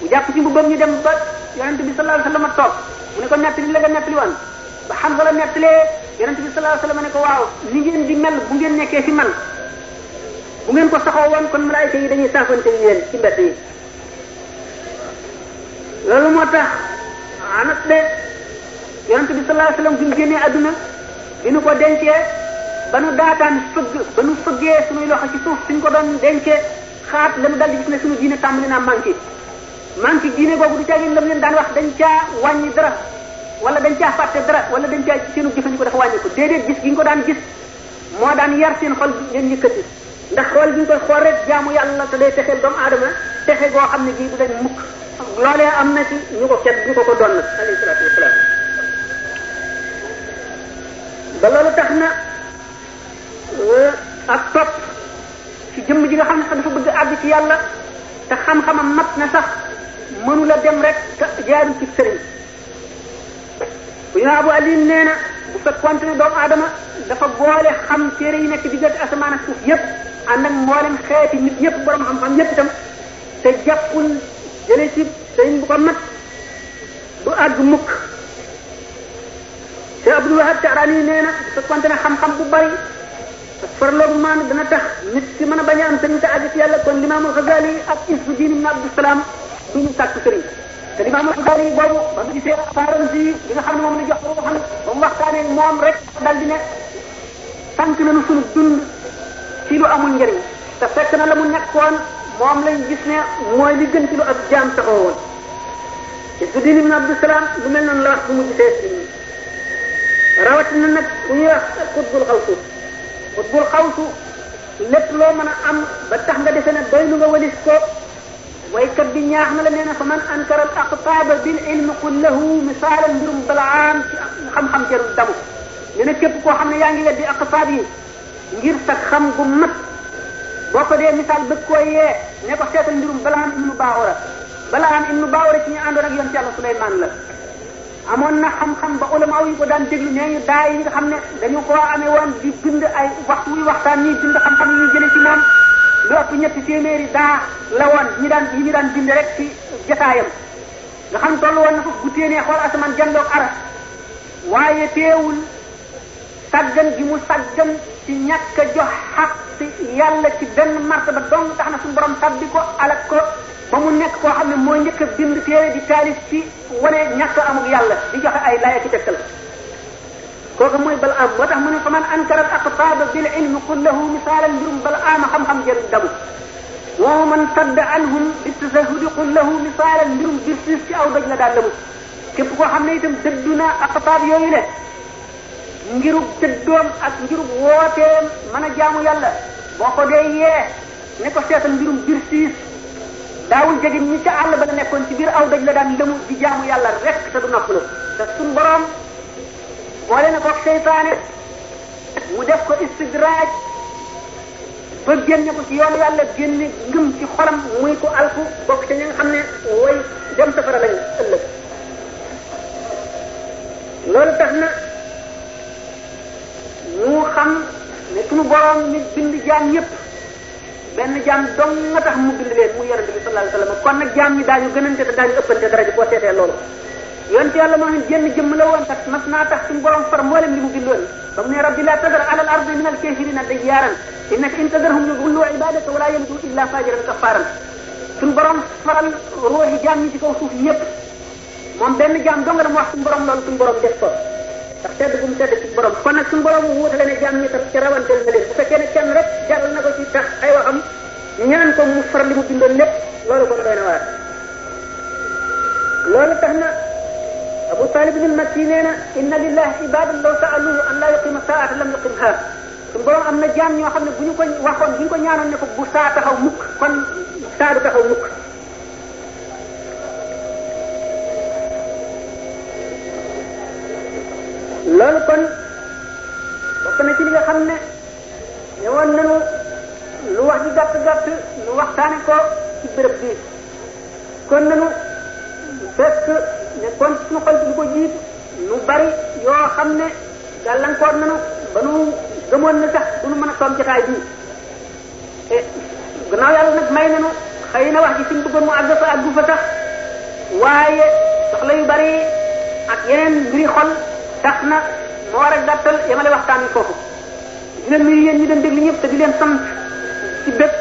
[SPEAKER 1] mu jàpp ci mbubbam ñu dem ba yonent bi sallallahu alayhi wasallam toog mu ne ko nettali la nga nettali woon ba Hamza la nettalee yonent bi sallallahu alayhi wasallam ne ko waaw ni ngeen di mel bu ngeen nekkee fi bu ngeen ko saxoo wan kon malaayka yi dañuy saafante yi leen ci mbedd yi loolu moo tax anas de yonent bi sallallahu alayhi wasallam bi mu génnee adduna bi nu ko dencee ba nu daataan fëgg ba nu fëggee suñuy loxo ci suuf suñ ko doon dencee xaat la nu dal di gis ne suñu diine tàmbali naa manqué manqué diine googu du caagin la mu leen daan wax dañ caa wàññi dara wala dañ caa fàtte dara wala dañ caa seenu jëfandiko dafa wàññi ko déedéet gis gi ñu ko daan gis moo daan yar seen xol leen yëkkati ndax xool bi ñu koy xool rek jaamu yàlla te day texeel doomu texe goo xam ne gii du dañ mukk am na ci ñu ko kenn ko ko doon alayhi salaatu wasalaam ba loolu tax na euh, ak topp ci jëmm ji nga xam ne sax dafa xam-xamam na sax mënu la dem rek te jaaru ci sëriñ bu Ali nee ba continue doomu aadama dafa boole xam téere yi nekk diggante asamaan ak suuf yépp ànd ak mboolem xeeti nit ñëpp borom xam-xam ñëpp itam te jàppul jële ci sëriñ bu ko mat du àgg mukk te Abdul Wahab Taarani nee na bu fekkonte ne xam-xam bu bari farloo bu maanu dana tax nit ki mën a bañ a am sëriñ te àgg ci yàlla kon limaamul Xasaali ak Izzuddin ibn Abdusalaam duñu sàkk sëriñ te Imam Bukhari boobu ba mu gisee faaram si li nga xam ne moom la jox ko xam ba moom rek dal di ne sant nañu suñu dund ci lu amul njëriñ te fekk na la mu nekkoon a lañ gën ci lu ab jaam taxaw woon te Zuddin ibn Abdus Salaam lu mel noonu la wax bu mu gisee si rawatina nag bu ñuy wax xutbul xawsu xutbul xawsu lépp loo mën a am ba tax nga defe ne doy lu nga walis ko waykat bi ñaax na la fa man ankara al aqtaaba bil ilm qul lahu misaala mbirum balaam ci xam-xam jarul damu nee na képp koo xam ne ngir sa xam gu mat boo ko dee misaal bëgg koo yee ne ko seetal mbirum balaam ibnu baawara balaam ibnu baawara ci ñu àndoon ak yoon ci yàlla Suleymaan la amoon na xam-xam ba ulama yi ko daan déglu nee ñu daay yi nga xam ne dañu koo amee woon di bind ay wax wuy waxtaan ñuy bind xam-xam yi ñuy jëlee ci lottu ñetti téeméeri daa la woon ñi daan ñi daan bind rek ci jataayam nga xam tollu woon na ko bu téenee xool asamaan jandoog aras waaye teewul saggan gi mu saggan ci ñàkk a jox xaq ci yàlla ci benn martaba dong tax na suñu borom tabbi ko alak ko ba mu nekk koo xam ne moo njëkk a bind téere di taalif ci wane ñàkk amuk yàlla di joxe ay laaya ci tegtal kooku mooy bal am moo tax mu ne fa man ankarat aqtaaba bil ilmi qul lahu misaalan mbirum bal aama xam-xam jël damu woo man sadda anhum bi tasahudi qul lahu misaalan mbirum bir siis ci aw doj la daan damu képp koo xam ne itam dëddu na aqtaab yooyu le ngirub dëddoom ak ngirub wooteem mën a jaamu yàlla boo ko dee yee ne ko seetal mbirum bir siis daawul jege ñi ca àll ba la nekkoon ci biir aw doj la daan lëmu di jaamu yàlla rek te du noppalu te suñ boole na koog seytaane mu def ko istidraaj ba génne ko ci yoonu yàlla génne ngëm ci xolam muy ko alku bokk ci ñi nga xam ne way dem safara lañu ëllëg loolu tax na mu xam ne suñu borom mi bind jaam yépp benn jaam dong tax mu bind leen mu yonente bi sallallahu alayhi wasallam kon nag jaam ñi daañu gënante te daañu ëppante daraja boo seetee loolu yonent yàlla moo xam jenn jëmm la woon kat mas naa tax suñu borom far mboolem li mu bindoon ba mu ne rabbi la tadar ala al ardi min al kafirina dayyaaran innaka in tadarhum yudillu ibadaka wala yalidu illa fajiran kafaran suñu borom faral ruuxi jaam ñi ci kaw suuf yépp moom benn jaam dong la mu wax suñu borom loolu suñu borom def ko ndax tedd bu mu tedd ci borom kon nag suñu borom wuutale ne jaam ñi tam ci rawanteel na leen bu fekkee ne kenn rek jaral na ko ci tax ay waxam ñaan ko mu far li mu bindoon lépp loolu kon doy na waar loolu tax na Abu Talib al-Makki nee na inna lillahi ibadan law sa'aluhu an la yuqima saa'ata lam yuqimha suñu borom am na jaam ñoo xam ne bu ñu ko waxoon bu ñu ko ñaanoon ne ko bu saa taxaw mukk kon saa du taxaw mukk loolu kon bokk na ci li nga xam ne ñëwoon nañu lu wax ji gàtt gàtt lu waxtaane ko ci béréb bi kon nañu fekk nekkoon ci suñu xol bi ko jiit nu bari yoo xam ne gàllankoor nanu ba nu gëmoon ne sax du nu mën a toog jotaay bii et gannaaw yàlla nag may nanu xëy na wax ji fi ñu bëggoon mu àgg fa àggu waaye soxla yu bari ak yeneen mbiri xol tax na moo war a gàttal yamale waxtaan wi foofu di leen nuyu yéen ñi doon déglu ñëpp te di leen sant ci bépp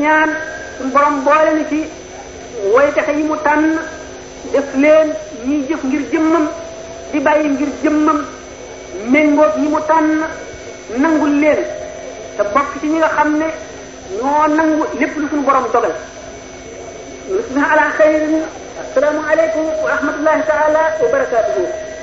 [SPEAKER 1] ñaan suñu borom boole ni ci woy texe yi mu tànn def leen ñiy jëf ngir jëmmam di bàyyi ngir jëmmam méngoog ñi mu tànn nangul leen te bokk ci ñi nga xam ne ñoo nangu lépp lu suñu borom dogal mis na ala xayrin assalaamu aleykum wa rahmatullahi taala wa barakatuhu